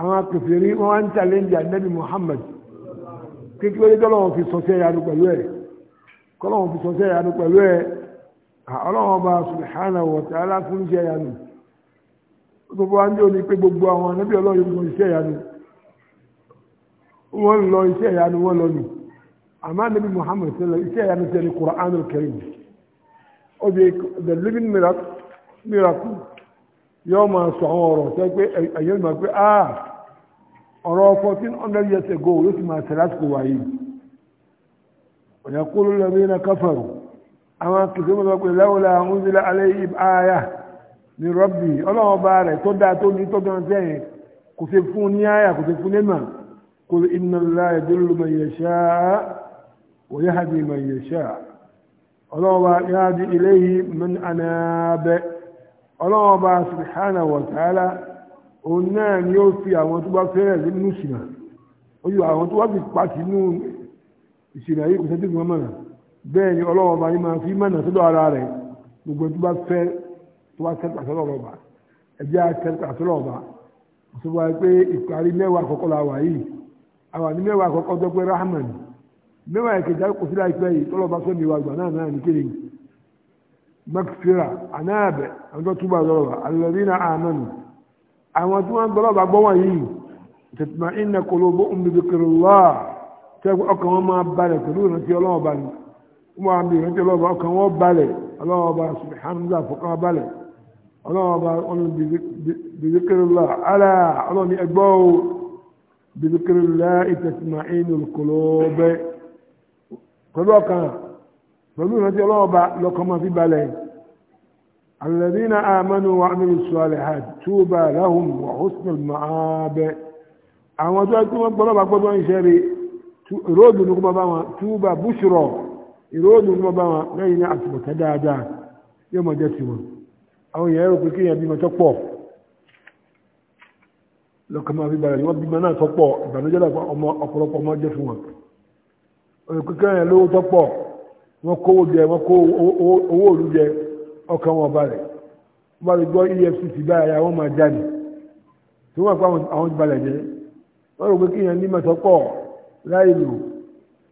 أما كفرين a لنجا النبي محمد kíkí lórí tọ́lọ́wọ́n fi sọ́sẹ́ yanu pẹ̀lú ẹ̀ kọ́lọ́wọ́n fi sọ́sẹ́ yanu e ẹ̀ ọlọ́wọ́n bá subhanahu wa ta'ala fún iṣẹ́ yanu gbogbo wa ń dé gbogbo a anábì ọlọ́run mọ iṣẹ́ yanu wọ́n lọ iṣẹ́ yanu wọ́n lọ nù àmọ́ Muhammad yanu Qur'anul ó di the living miracle miracle yóò máa sọ àwọn ọ̀rọ̀ tẹ́ pé ẹ̀yẹ́ ìmọ̀ pé ah ọ̀rọ̀ fourteen hundred years ago yóò ti máa tẹ̀ lásìkò wáyé ọ̀yà kúrò lẹ́nu iná káfàrò àwọn kìkìrì mọ̀ pé lẹ́wọ̀lẹ́ àwọn oúnjẹ alẹ́ yìí ààyà ní rọ́bì ọlọ́run bá rẹ̀ tó dáa tó ní tọ́jú ọ̀sẹ̀ yẹn kò ṣe fún ní ààyà kò ṣe fún ní mà kò ya Allaha ọlọ́ọ̀bá yáàdì iléyí min anábẹ́ ọlọ́ọ̀bá subhanahu wa ta'ala òun náà ni ó fi àwọn tó bá fẹ́rẹ̀ nínú ìṣìnà ó yọ àwọn tó wá fi pàtì nínú ìṣìnà yìí kò sẹ́tì fún bẹ́ẹ̀ ni ọlọ́ọ̀bá yìí máa fi mọ̀nà sọ́dọ̀ ara rẹ̀ gbogbo tó bá fẹ́ tó wá pé ìparí mẹ́wàá ìkẹjà kò sí yi yìí tọ́lọ́ bá sọ́ni ìwà àgbà náà náà ní kéde yìí mẹ́kìtìrà anáàbẹ̀ àwọn tó lọ́rọ̀ alẹ́rí na àmánù àwọn tí wọ́n yìí tètùmá iná ń kiri ọkàn wọn máa balẹ̀ pẹ̀lú ìrántí ọlọ́wọ́ balẹ̀ wọ́n máa bí ìrántí ọlọ́wọ́ ọkàn wọn pẹ̀lú ọkàn pẹ̀lú ìrántí ọlọ́ọ̀ba lọ́kàn máa fi balẹ̀ alladhina amanu wa amilu salihati tuba lahum wa husnul ma'ab àwọn tó ẹkú wọn gbọ́dọ̀ bá gbọ́dọ̀ ń ṣe rí ìròdù ní kúmọ̀ bá wọn tuba bushra ìròdù ní kúmọ̀ bá lẹ́yìn ní àtùbọ̀tẹ́ dáadáa yóò mọ̀ jẹ́ tiwọn àwọn èèyàn rò pé kí èèyàn bímọ tó pọ̀ lọ́kàn máa balẹ̀ wọ́n bímọ náà tó ìbànújẹ́ òkèkèrè yẹn lówó tó pọ̀ wọ́n kówó jẹ wọ́n kó owó òlu jẹ ọkàn wọn balẹ̀ wọ́n bá lè gbọ́ EFCC báyà wọ́n máa jáde tí wọ́n pa àwọn balẹ̀ jẹ́ wọ́n rò pé kí yẹn nímọ̀ tó pọ̀ láì lò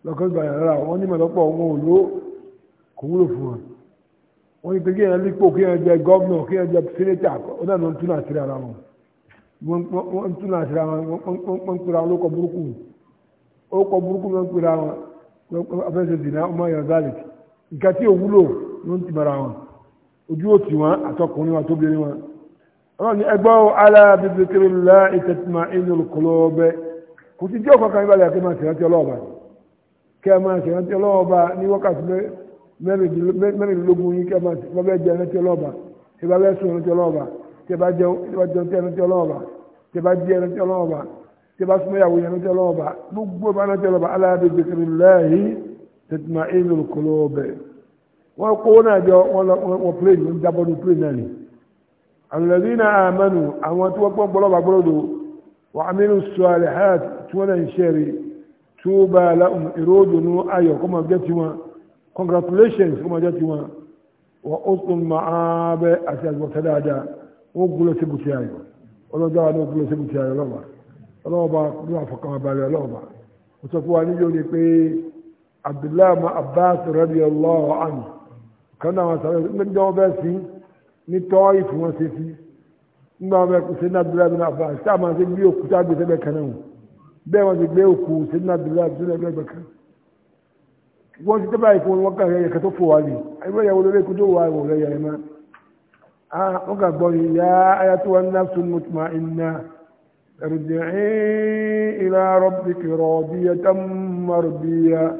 lọ́kàn balẹ̀ rárá wọ́n nímọ̀ tó pọ̀ wọn ò lò kò wúlò fún wọn wọ́n ní pé kí yẹn lípò kí yẹn jẹ gọ́vnọ̀ kí yẹn jẹ sẹ́nẹ́tà ó dànù ń túnà ara wọn wọ́n ń túnà síra wọn wọ́n abẹ́sẹ̀ dìnnà ọmọ yẹn zalik nǹkan tí ò wúlò ló ń ti bára wọn ojú ò tì wọn àtọkùnrin wọn àtọbìnrin wọn. ọlọ́run ní ẹgbọ́ ala bi zikrillahi tatma'innul qulub kò sí jẹ́ ọ̀kan kan ìbàlẹ̀ kí máa ṣèrántí ọlọ́ọ̀ba kí a máa ṣèrántí ọlọ́ọ̀ba ní wákàtí mẹ́rìndínlógún yín kí a máa bẹ́ẹ̀ jẹ́ ẹrántí ọlọ́ọ̀ba kí a bá bẹ́ẹ̀ sùn ẹrántí ọlọ́ọ̀ba kí a bá jẹ́ ẹrántí ọlọ́ọ̀ba kí a bá jẹ́ ẹrántí ọlọ́ọ̀ba tí bá súnmọ́ ìyàwó yẹn lọ́jọ́ lọ́wọ́ bá gbogbo bá lọ́jọ́ lọ́wọ́ bá aláàbí gbèsèrè láàyè tètùmá ìlú kọlọ́ ọbẹ̀ wọ́n kó náà jọ wọ́n plane wọ́n jábọ́ ní plane náà ni àlùlẹ́bí náà àmẹ́nu àwọn tí wọ́n gbọ́ gbọ́lọ́wà gbọ́lọ́dọ̀ wọ́n amínú sọ̀rọ̀ hàt tí wọ́n náà ń ṣẹ́rí tó bá lahùn congratulations kọ́mọ jẹ́ ti wọn wọ́n ó tún máa bẹ́ àti àgbọ̀tẹ́ dáadáa ọlọ́ọ̀bá ní àfọkànbalẹ̀ ọlọ́ọ̀bá mo sọ fún wa níjó ni pé abdullahi abbas radiyallahu anhu kan náà wọn sọ pé ní ọbẹ̀ sí ní tọ́ọ̀yì fún wọn ṣe sí nígbà wọn bẹ kú sí ní abdullahi abbas tá a máa ṣe gbé òkú tá a gbé sẹ́gbẹ̀ kan náà bẹ́ẹ̀ wọ́n ti gbé òkú sí ní abdullahi abbas kan wọ́n ti tẹ́bà ìfún wọn kàn yẹ kẹtọ́ fò wá ní ẹgbẹ́ ìyàwó lórí ikú tó wà ìwọ̀n rẹ̀ yẹ̀rẹ̀ máa ah, wọ́n kà gbọ́ ni yá ayatollah nafsun mutma inna ارجعي إلى ربك راضية مرضية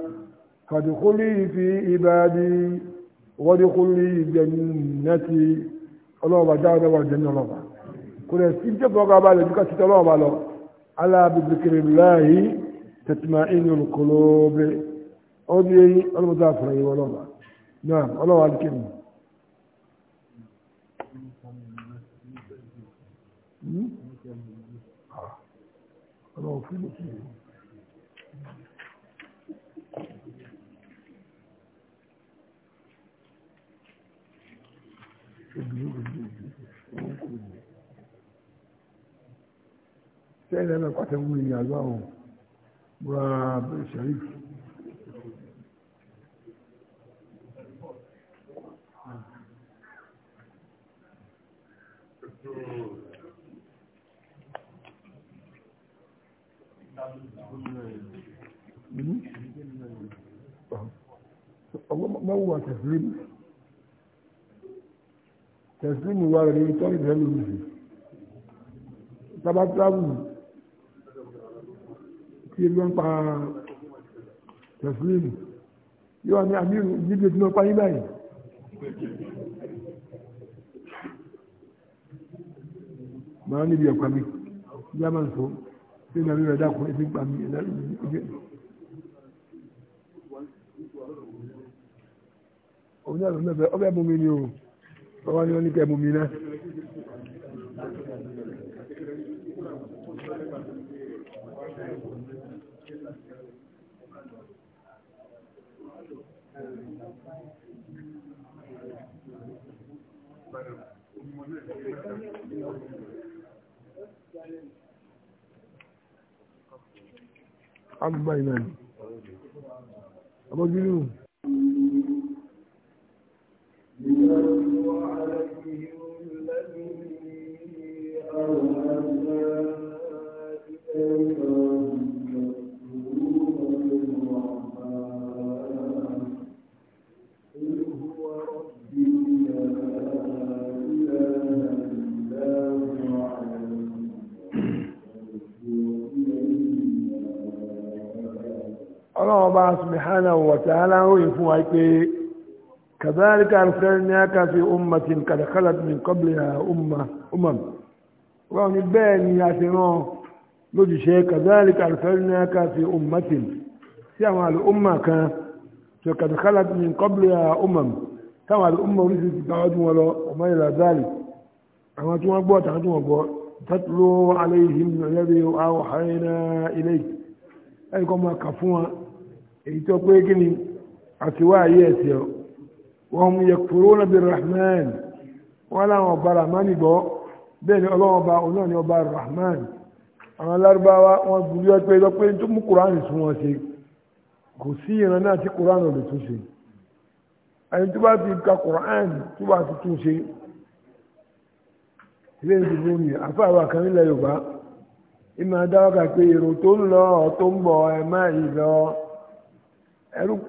فادخلي في عبادي وادخلي جنتي الله بجانا والجنة الله كل سنة بقى بالك كتير الله بالك ألا بذكر الله تطمئن القلوب أودي المتافرة والله نعم الله عليك não fui mi kí ni. Sẹ́yìn ẹ̀rọ pàtẹ́wọ́ ìyá lọ́rùn, Thank you. ما هو تسليم تسليم وارد يطلب هلوزي طبعا طبعا tí ló ń pa tẹ̀sílìmù yóò wà ní àmírù níbi tí ló pa yí báyìí máa níbi ẹ̀kọ́ mi yá máa ń so nínú àmì rẹ̀ dákun ẹbí gbà mí ẹ̀dá ìgbẹ́ òun náà lọ́nà fẹ́ ọbẹ̀ mú mi ni o ní kẹ́ Thank you. àgbà ìlà ni abọ́gírù Thank you. ọlọ́wọ́ bá subhanahu wa ta'ala ròyìn fún wa pé kazalika arsalnaka fi ummatin qad khalat min qabliha umam wọ́n ní bẹ́ẹ̀ ni a ti rán lójúṣe kazalika arsalnaka fi ummatin sí àwọn al'umma kan tó qad khalat min qabliha umam táwọn al'umma oríṣiríṣi bá ọdún wọn lọ ọmọ ìlà zali àwọn tí wọ́n gbọ́ tàwọn tí wọ́n gbọ́ tatlu alayhim alladhi awhayna ilayk ẹ̀kọ́ máa kà fún wa èyí tó pé kí ni àti wá ayé ẹ̀sẹ̀ ọ́ wọ́n mú yẹ kúrò nàbí rahman wọ́n láwọn ọba rahman bọ́ bẹ́ẹ̀ ni ọlọ́wọ́n ọba òun náà ni ọba rahman àwọn alárúbáwá wọn gbúdú ọpẹ lọpẹ tó mú kuraani tún wọn ṣe kò sí ìran náà tí kuraani ò lè tún ṣe ẹni tó bá ti ka kuraani tó bá ti tún ṣe ilé ìdìbò mi àfàwà kan nílẹ̀ yorùbá ìmọ̀ adáwọ́ kà pé èrò tó ń lọ tó ń bọ̀ ẹ̀ má ì lọ.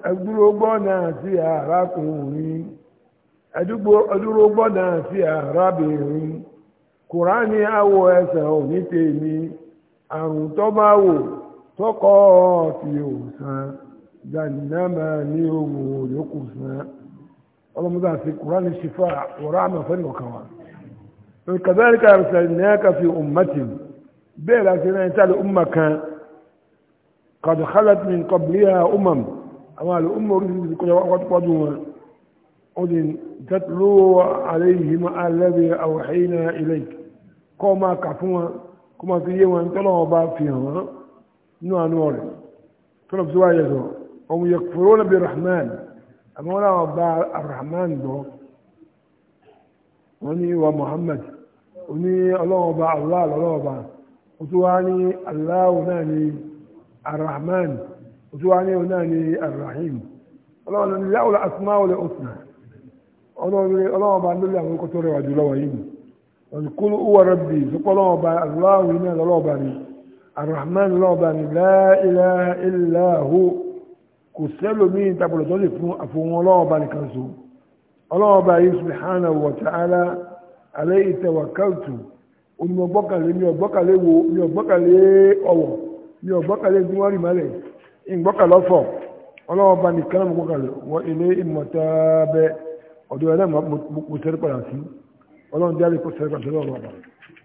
ẹdúró gbọ́nà sí arákùnrin ẹdúró gbọ́nà sí arábìnrin kùránì awọ ẹsẹ̀ òní tèmi àrùn tó bá wò tọkọ ti òsàn jàǹdàmà ní ohun òyòkù sàn ọlọ́mọdé àti kùránì wọ́rọ́ fi ummatin bẹ́ẹ̀ láti náà ń sáré umma kan qad khalat àwọn àlè ọmọ orílẹ̀ èdè kọjá wọ́n pọ́jú wọn ó di tẹ́tìlú àléyìí mọ́ alẹ́bẹ̀ àwòhẹ́yìnà ilẹ̀ kọ́ máa kà fún wọn kọ́ máa fi yé wọn tọ́lọ̀ wọn bá fi hàn wọ́n nínú àánú rẹ̀ tọ́lọ̀ fi wáyé sọ ọmọ yẹ kúrò nàbẹ̀ rahman àmọ́ wọn àwọn bá rahman gbọ́ wọn ní wa muhammad oní ọlọ́wọ́ bá allah lọ́wọ́ bá ó wá ní allah náà ní arahman. òtúwáyé ọ̀nà ni arahim ọlọ́run ni yàwó asmáwòlẹ̀ òsùn ọlọ́run ọba lórí àwọn ikọ̀ tó rẹwà jù lọ́wọ́ yìí wọ́n rabbi sọ́kọ́ ọlọ́run ọba aláwọ̀ iná lọ́lọ́ọ̀ba ni arahman lọ́ọ̀ba ni láìlá ìlàhó wa ta'ala alayhi tawakkaltu mi ò wo mi ò ìgbọ́kànlọ́fọ̀ ọlọ́wọ́ bá nìkan náà mo gbọ́kànlọ́ wọ ilé ìmọ̀ta bẹ ọ̀dọ̀ ẹ̀ náà sí ọlọ́run jáde kó sẹ́rí padà lọ́wọ́ bàbá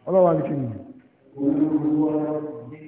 ọlọ́wọ́ àti kìnnì. olùwà bí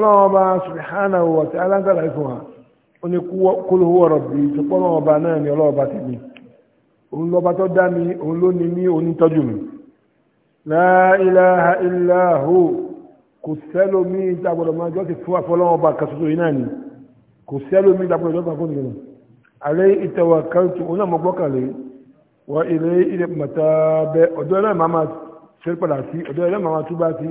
ọlọ́run ọba subhanahu wa ta'ala ń tàlàyé fún wa ó ní kul huwa rabbi tó pọ́ ọlọ́run ọba náà ni ọlọ́run ọba tèmi òun lọ́ba tó dá mi òun ló ní mí òun nítọ́jú mi la ilaha illa hu kò sẹ́lómi ìtàgbọ̀dọ̀ máa jọ́ ti fún afọlọ́run ọba yìí náà ni kò sẹ́lómi ìtàgbọ̀dọ̀ máa fún ìgbìmọ̀ عليه توكلت وانا مبوكا لي واليه متاب ادو لا ماما سيربلاسي ادو لا ماما توباتي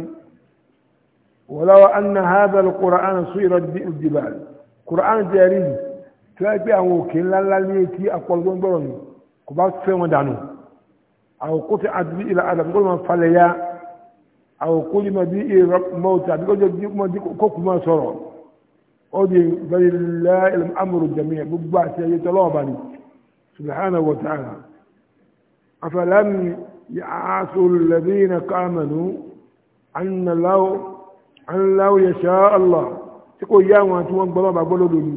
ولو أن هذا القرآن صير بالجبال قرآن جاري تلاقي أو كلا لا ليتي أقول بندرون كبار فيهم دانو أو قطع أدبي إلى أدب كل ما فليا أو كل ما بي رب موتى بيقول جيب ما ديك كوك ما صار أودي بالله الأمر الجميع ببعث يتلاعبني سبحانه وتعالى أفلم يعاثوا الذين آمنوا أن لو aláwọ yẹn ṣá àlá tí kò yá àwọn tí wọ́n gbọ́ lọ́ba gbọ́ lódò ni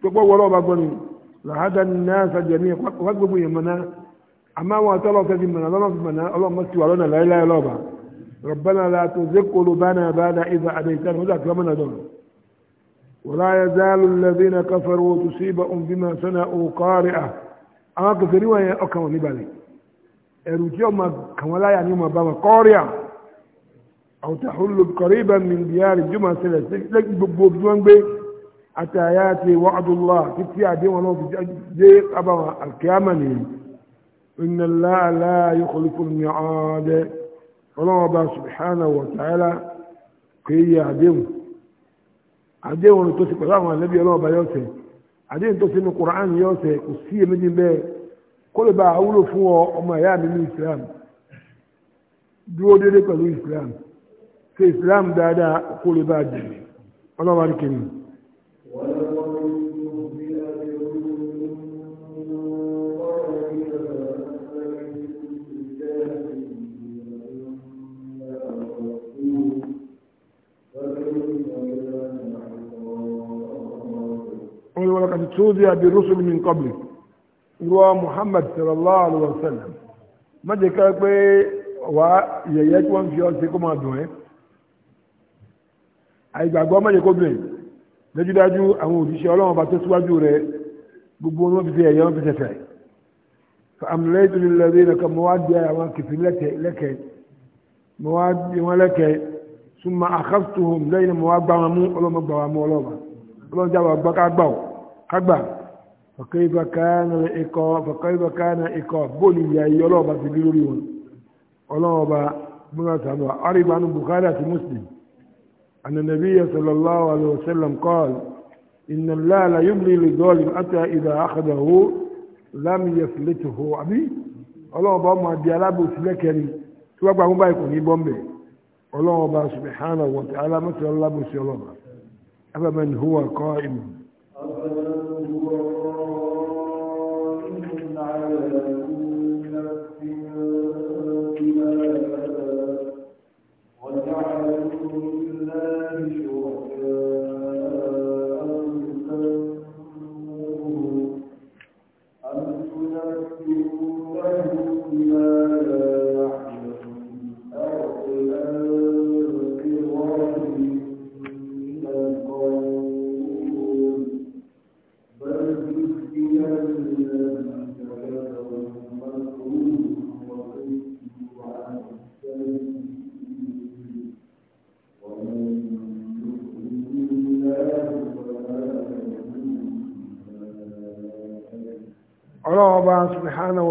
gbogbo wọ́ lọ́ba gbọ́ ni làhádà nínú àṣàjẹ́ mi wá gbogbo yẹn mọ̀ná àmọ́ àwọn àtọ́lọ́ fẹ́ fi mọ̀ná lọ́nà fi mọ̀ná ọlọ́mọ ti wà lọ́nà láéláé lọ́ba ربنا لا تزغ قلوبنا بعد إذا هديتنا ولا تكرمنا دونه ولا يزال الذين كفروا تصيبهم بما صنعوا قارئة أما كفروا يا أكرم نبالي ẹrù tí ọmọ kàwọn أو تحل قريبا من ديار الجمعة سنة لك بوبجوان بي حتى ياتي وعد الله تتيا دي ونو دي أبا القيامة إن الله لا يخلف الميعاد فلما أبا سبحانه وتعالى كي يهدم عدين ونتوسي قرآن النبي الله أبا يوسف عدين توسي القرآن يوسف وسيه مدين بي كل با أولو فوق أما يا من الإسلام دو دي, دي, دي, دي ṣe islam dáadáa kó lè bá a jèrè ọlọ́wà ní kìnnì. ولقد توذي برسل من قبلك ìwọ muhammad sallallahu alaihi wa sallam má jẹ́ ká pé wàá yẹ̀yẹ́ tí wọ́n fi ọ́ sí kó máa dùn ẹ́ àìgbàgbọ́ mẹ́jẹ kó bìnrin dájúdájú àwọn òjíṣẹ́ ọlọ́run bá tó síwájú rẹ̀ gbogbo wọn fi fi ẹ̀yẹ wọn fi tẹ̀fẹ̀ fàmìlẹ́tò ní lẹ́rìí nìka mo wá di àwọn kìfì lẹ́kẹ̀ mo wá di wọn lẹ́kẹ̀ súnmọ́ àkàtúntò lẹ́yìn mo wá gbà wọn mú ọlọ́mọ gbà wọn mú ọlọ́mọ ọlọ́run jábọ̀ gbọ́ ká gbà ọ́ ká gbà fàkàyíbà káyánà ikọ̀ fàkàyíbà káyánà ikọ̀ bóòlù ìyá iye ọlọ́ọ̀ba أن النبي صلى الله عليه وسلم قال إن الله لا يملي للظالم حتى إذا أخذه لم يفلته àbí ọlọ́run bá máa di alábòsí lẹ́kẹ̀ẹ́ni tí wọ́n gba àwọn báyìí kò ní bọ́m̀bẹ̀ ọlọ́run bá subhanahu wa ta'ala mọ́tò alábòsí ọlọ́run afẹ́mẹ́ni huwa qa'imun.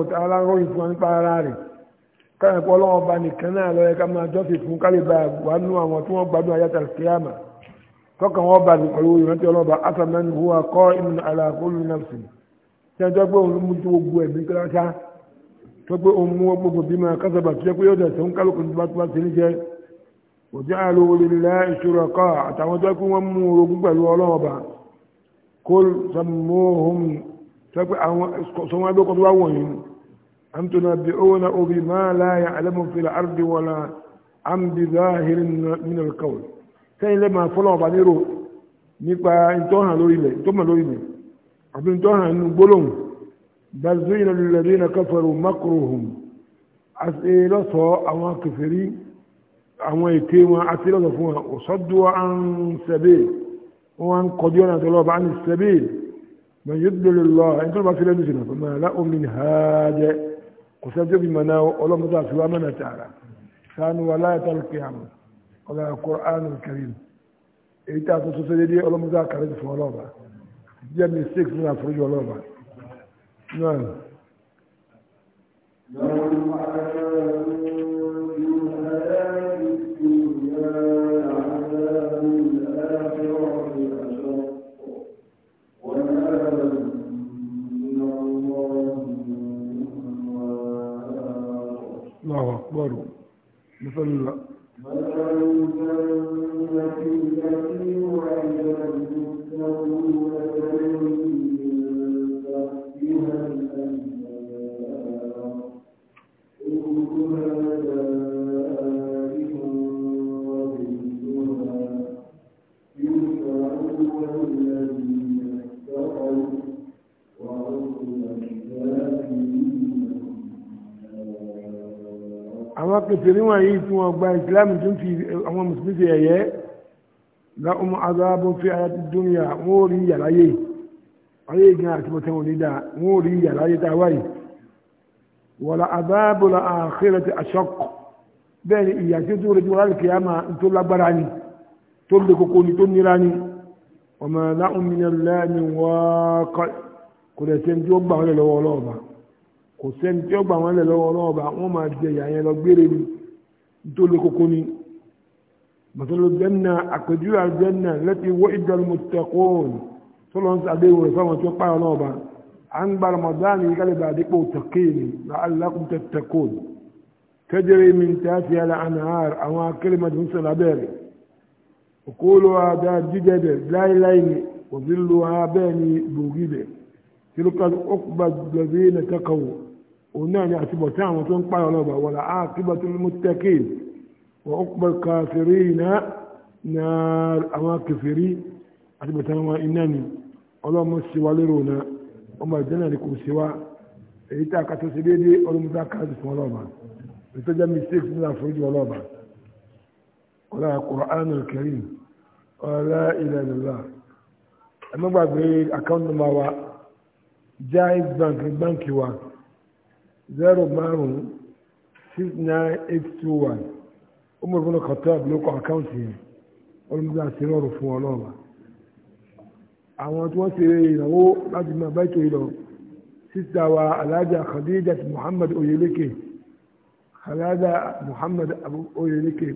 ta'ala ròyìn fún wa nípa ara rẹ̀ káyọ̀ pọ̀ ọlọ́wọ́ ọba nìkan náà lọ́yẹ ká máa jọ́sì fún kálíbà wà nú àwọn tí wọ́n gbádùn ayáta kíámà tọ́kàn wọ́n bá ní pẹ̀lú ìrántí ọlọ́ba asaman huwa qa'imun ala kulli nafsin tí a jọ pé òun mú tí gbogbo ẹ̀mí kíláṣá tó pé òun mú gbogbo bí máa kásábà tó yẹ pé yóò dẹ̀sẹ̀ ń kálukú tó bá tó bá ti ní jẹ́ wa ja'alu lillahi shuraka àtàwọn tó pé wọ́n mú orogún pẹ̀lú ọlọ́ọ̀ba kó sàmúhùn tó pé àwọn sọ wọn adókòtò wá wọ̀nyí أم تنبئونه بما لا يعلم في الأرض ولا أم بظاهر من القول sẹ́yìn lẹ́mọ̀ afọlọ́ọ̀bá nírò nípa ìtọ́hàn lórí ilẹ̀ ìtọ́mọ̀ lórí ilẹ̀ àbí ìtọ́hàn nínú gbólóhùn bazina lilladhina kafaru makruhum àti lọ́sọ̀ọ́ àwọn kèfèrí àwọn ète wọn àti lọ́sọ̀ọ́ fún wọn òṣọ́dún àn sẹ́bẹ̀ wọn kọjú ọ̀nà àtọ́lọ́ọ̀bá àn sẹ́bẹ̀ mẹ̀yẹ́dọ̀lọ́ọ̀ ẹni tó bá sílẹ̀ nìṣẹ̀lẹ̀ fún mi àlá omi nìhàjẹ́ kò sẹ́jọ́ bí mọ̀nà ọlọ́mọdé àti wàá mọ̀nà tààrà sáánù wa láyé tá lókè àmọ́ ọ̀gá Al-Qur'anul Karim èyí tá a tó sọ́sọ́ déédéé ọlọ́mọdé àkàrẹ́ fún ọlọ́ọ̀bà jẹ́ mi six nínú àforíjì ọlọ́ọ̀bà náà. أكبر مثل مثل الجنة التي àwọn kẹfìrí wọ̀nyí tí wọ́n gba ìsìlámù tó ń fi àwọn mùsùlùmí ṣe ẹ̀yẹ lahum azabun fi ayati dunya wọ́n ò rí yàrá yé ayé gan àti mọ̀tẹ́ wọn ní dà wọ́n ò rí yàrá yé tá a wáyé wala azabul akhirati ashaq bẹ́ẹ̀ ni ìyà tí ó tó retí wọn láti kìyàmà tó lágbára ni tó lè koko ni tó nira ni wa ma lahum minallahi min waqi kò lè ṣe ní tí ó gbà wọn lọ́wọ́ ọlọ́ọ̀ba kò sẹ́ni tí ó gbà wọ́n lẹ̀ lọ́wọ́ ọlọ́wọ́ bá wọ́n máa jẹ ìyá yẹn lọ gbére ni nítorí kókó ni mọ̀tọ́lọ́ jẹ́nà àpèjúwe àjẹ́nà lẹ́tí wọ́ ìdọ́lù mọ̀tẹ́kùn tọ́lọ́ ń sàdéhùn rẹ̀ fáwọn tí ó pààrọ̀ náà bá à ń gba ramadan yìí kálí bá dípò tẹ̀kéènì làálàkùn tẹ̀tẹ̀kùn kẹjẹrẹ mi tẹ́ àti yàrá ànàhàr àwọn akérèmọdé ń sọ̀rọ̀ abẹ́rẹ́ òkúlù àdá jíjẹ bẹ̀ láíláí ni òbí lu abẹ́ ni gbòógì bẹ̀ tìlúkà ó gbàgbé na òun náà ni àtibọ̀tán àwọn tó ń pààyàn ọlọ́ọ̀bà wọlá á kíbọ̀tí muttaqin wọ́n pẹ̀ kàfẹ́rí iná na àwọn kẹfẹ́rí àtibọ̀tán àwọn iná ni ọlọ́mọ síwá lérò náà ọmọ ìjẹ́nà ni kò síwá èyí tá a kàtó sí déédéé ọlọ́mọdé káàdì fún ọlọ́ọ̀bà ìtọ́jà mistake nílà fúrúdì ọlọ́ọ̀bà ọlá Qur'an al-Karim ọlá ilẹ̀ nílà ẹ̀mọ́gbàgbé account number wa Jaiz bank báńkì wa 0244 zero márùn-ún six nine eight two one Umar bin Khattab ló kọ àkáǹtì yẹn olùdíje àti rọrùn fún ọlọ́ọ̀la àwọn tí wọ́n ṣe ìnáwó láti máa bá ètò ìlọ sísá wa alájà Khadija Muhammad Oyeleke alájà Muhammad Oyeleke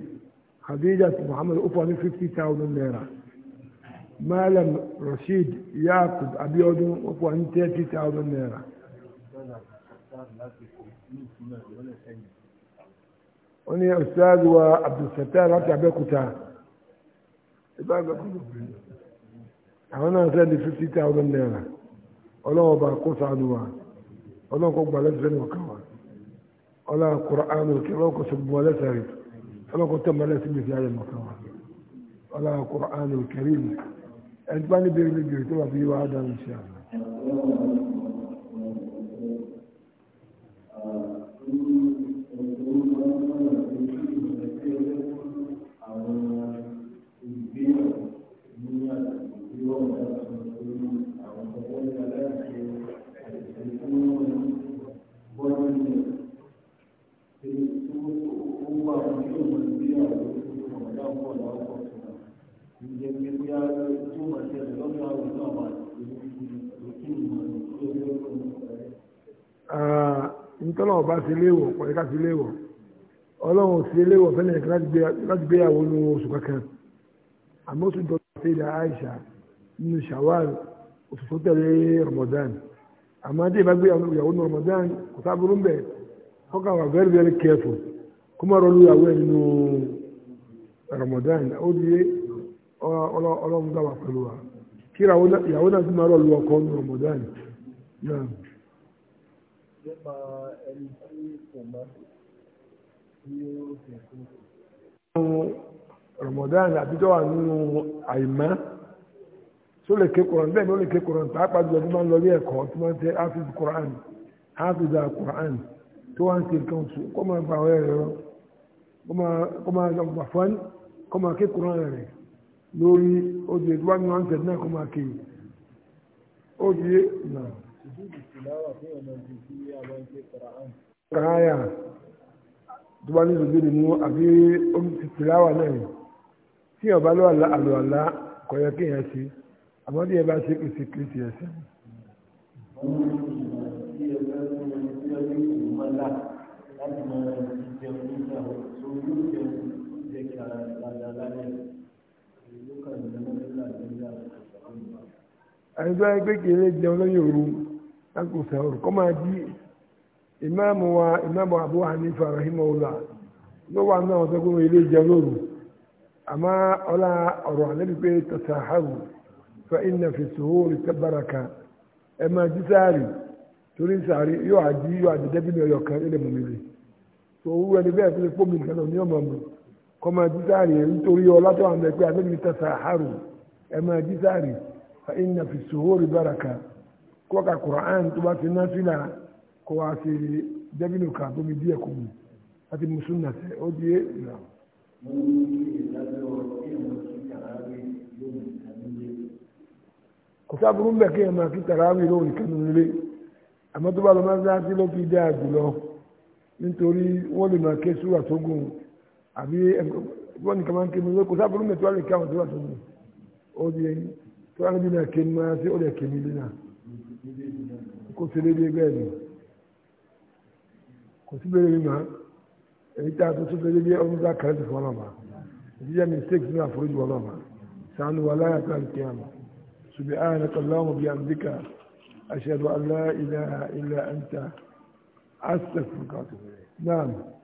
Khadija Muhammad ó fọ́ ní fifty thousand naira Malam Rasheed Yakub Abiodun ó fọ́ ní thirty thousand naira wọ́n ní ọ̀sáàdù wa abdulsatar láti abẹ́kúta ìbá abẹ́kúta àwọn náà sẹ́ni fifty thousand naira ọlọ́wọ́ bá kó sáàdù wa ọlọ́wọ́ kó gbalẹ́ sẹ́ni ọ̀kan wa ọlọ́wọ́ kùránù kí ọlọ́wọ́ kó sọ̀bù wọlé sẹ́rì ọlọ́wọ́ kó tẹ̀ mọ́lẹ́ síbi fi ayé mọ̀kan wa ọlọ́wọ́ kùránù kẹrìm ẹni tó wà bí wàá ọlọ́run ti léwọ̀ pẹ̀lú ti léwọ̀ ọlọ́run ti léwọ̀ fẹ́lẹ̀ láti gbéyàwó ní oṣù kankan àmọ́ oṣù tó ti da Aisha nínú shawal oṣù tó tẹ̀lé Ramadan àmọ́ adé bá gbéyàwó ìyàwó Ramadan kò sábúrú ń bẹ̀ wà very very careful kó má rọlú ìyàwó ẹ̀ nínú Ramadan ó di ọlọ́run dáwà pẹ̀lú wa kí ìyàwó náà ti má rọlú ọkọ ní Ramadan nípa ẹni tí kò mọ́ tí ó fi fún un. Ramadan àtijọ́ wà nínú àìmọ́ tó lè ké Kùrán bẹ́ẹ̀ ni ó lè ké Kùrán pàápàá jùlọ tó máa ń lọ bí ẹ̀kọ́ tó máa ń tẹ hafiz Kùrán hafiz Kùrán tó wá ń ké nǹkan oṣù kó máa bá ọ̀rẹ́ rẹ̀ rọ kó máa lọ gbà fún kó máa ké Kùrán rẹ̀ lórí oṣù tó wá ní tẹ̀ náà kó máa ké oṣù náà káyà tó bá ní ìrògbé nínú àbí omi tìláwà náà tí ọba ló wà àlò àlá kò yẹ kí èèyàn ṣe àmọ́ bí ẹ bá ṣe kìsì kìsì ẹ̀sẹ̀. ẹni tó yẹ pé kì í lè jẹun lóyún òru lágbo sahur kọ́ máa di ìmáàmù wa ìmáàmù Abu Hanifa rahimahullah ló wà náà ọ̀sẹ̀ gbọ́n ilé jẹun lóru àmọ́ ọlá ọ̀rọ̀ àlẹ́bí pé tasaharu fa inna fi suhuri baraka ẹ máa jí sáàrì torí sáàrì yóò àjí yóò àjí dẹ́bí ní ọyọ̀ kan ilẹ̀ mọ̀mílì tó owó ẹni bẹ́ẹ̀ fi pómi nǹkan náà ní ọmọ mi kọ́ máa sáàrì ẹ̀ nítorí ọlá tó wà ní ẹgbẹ́ àlẹ́bí tasaharu ẹ máa jí sáàrì fa inna fi suhuri baraka kó ka quran tó bá ti ná fílà kó wá sí dẹ́bìnì kan tó mi díẹ̀ kó mu láti musulmi náà sẹ́ ó di é nà. mo ní ìdájọ́ ìrìn sí tàràwí lónìí kan nílé. kò sábúrú ń bẹ̀ kéèyàn máa fi tàràwí lónìí kan nílé àmọ́ tó bá lọ máa dá sí ló fi dáa jùlọ nítorí wọ́n lè máa ké súrà tó gùn àbí wọ́n nìkan máa ń ké mi lóko sábúrú mẹ́tọ́ lè ká àwọn tó wà tó gùn ó di ẹyin tó wà níbi ké mi máa ṣe ó lè ké mi lé náà kò sí lédè bẹ́ẹ̀ ni kò sí lédè mímọ́ èyí tá a tó sófin lédè ọdún tá a kàrẹ́ ti fún ọlọ́mà èyí yẹ mistake nínú àforíjì ọlọ́mà sànù wà láyà tó àti kíyàmà subhanaka allahumma bi hamdika ashhadu an la ilaha illa anta astaghfiruka náà.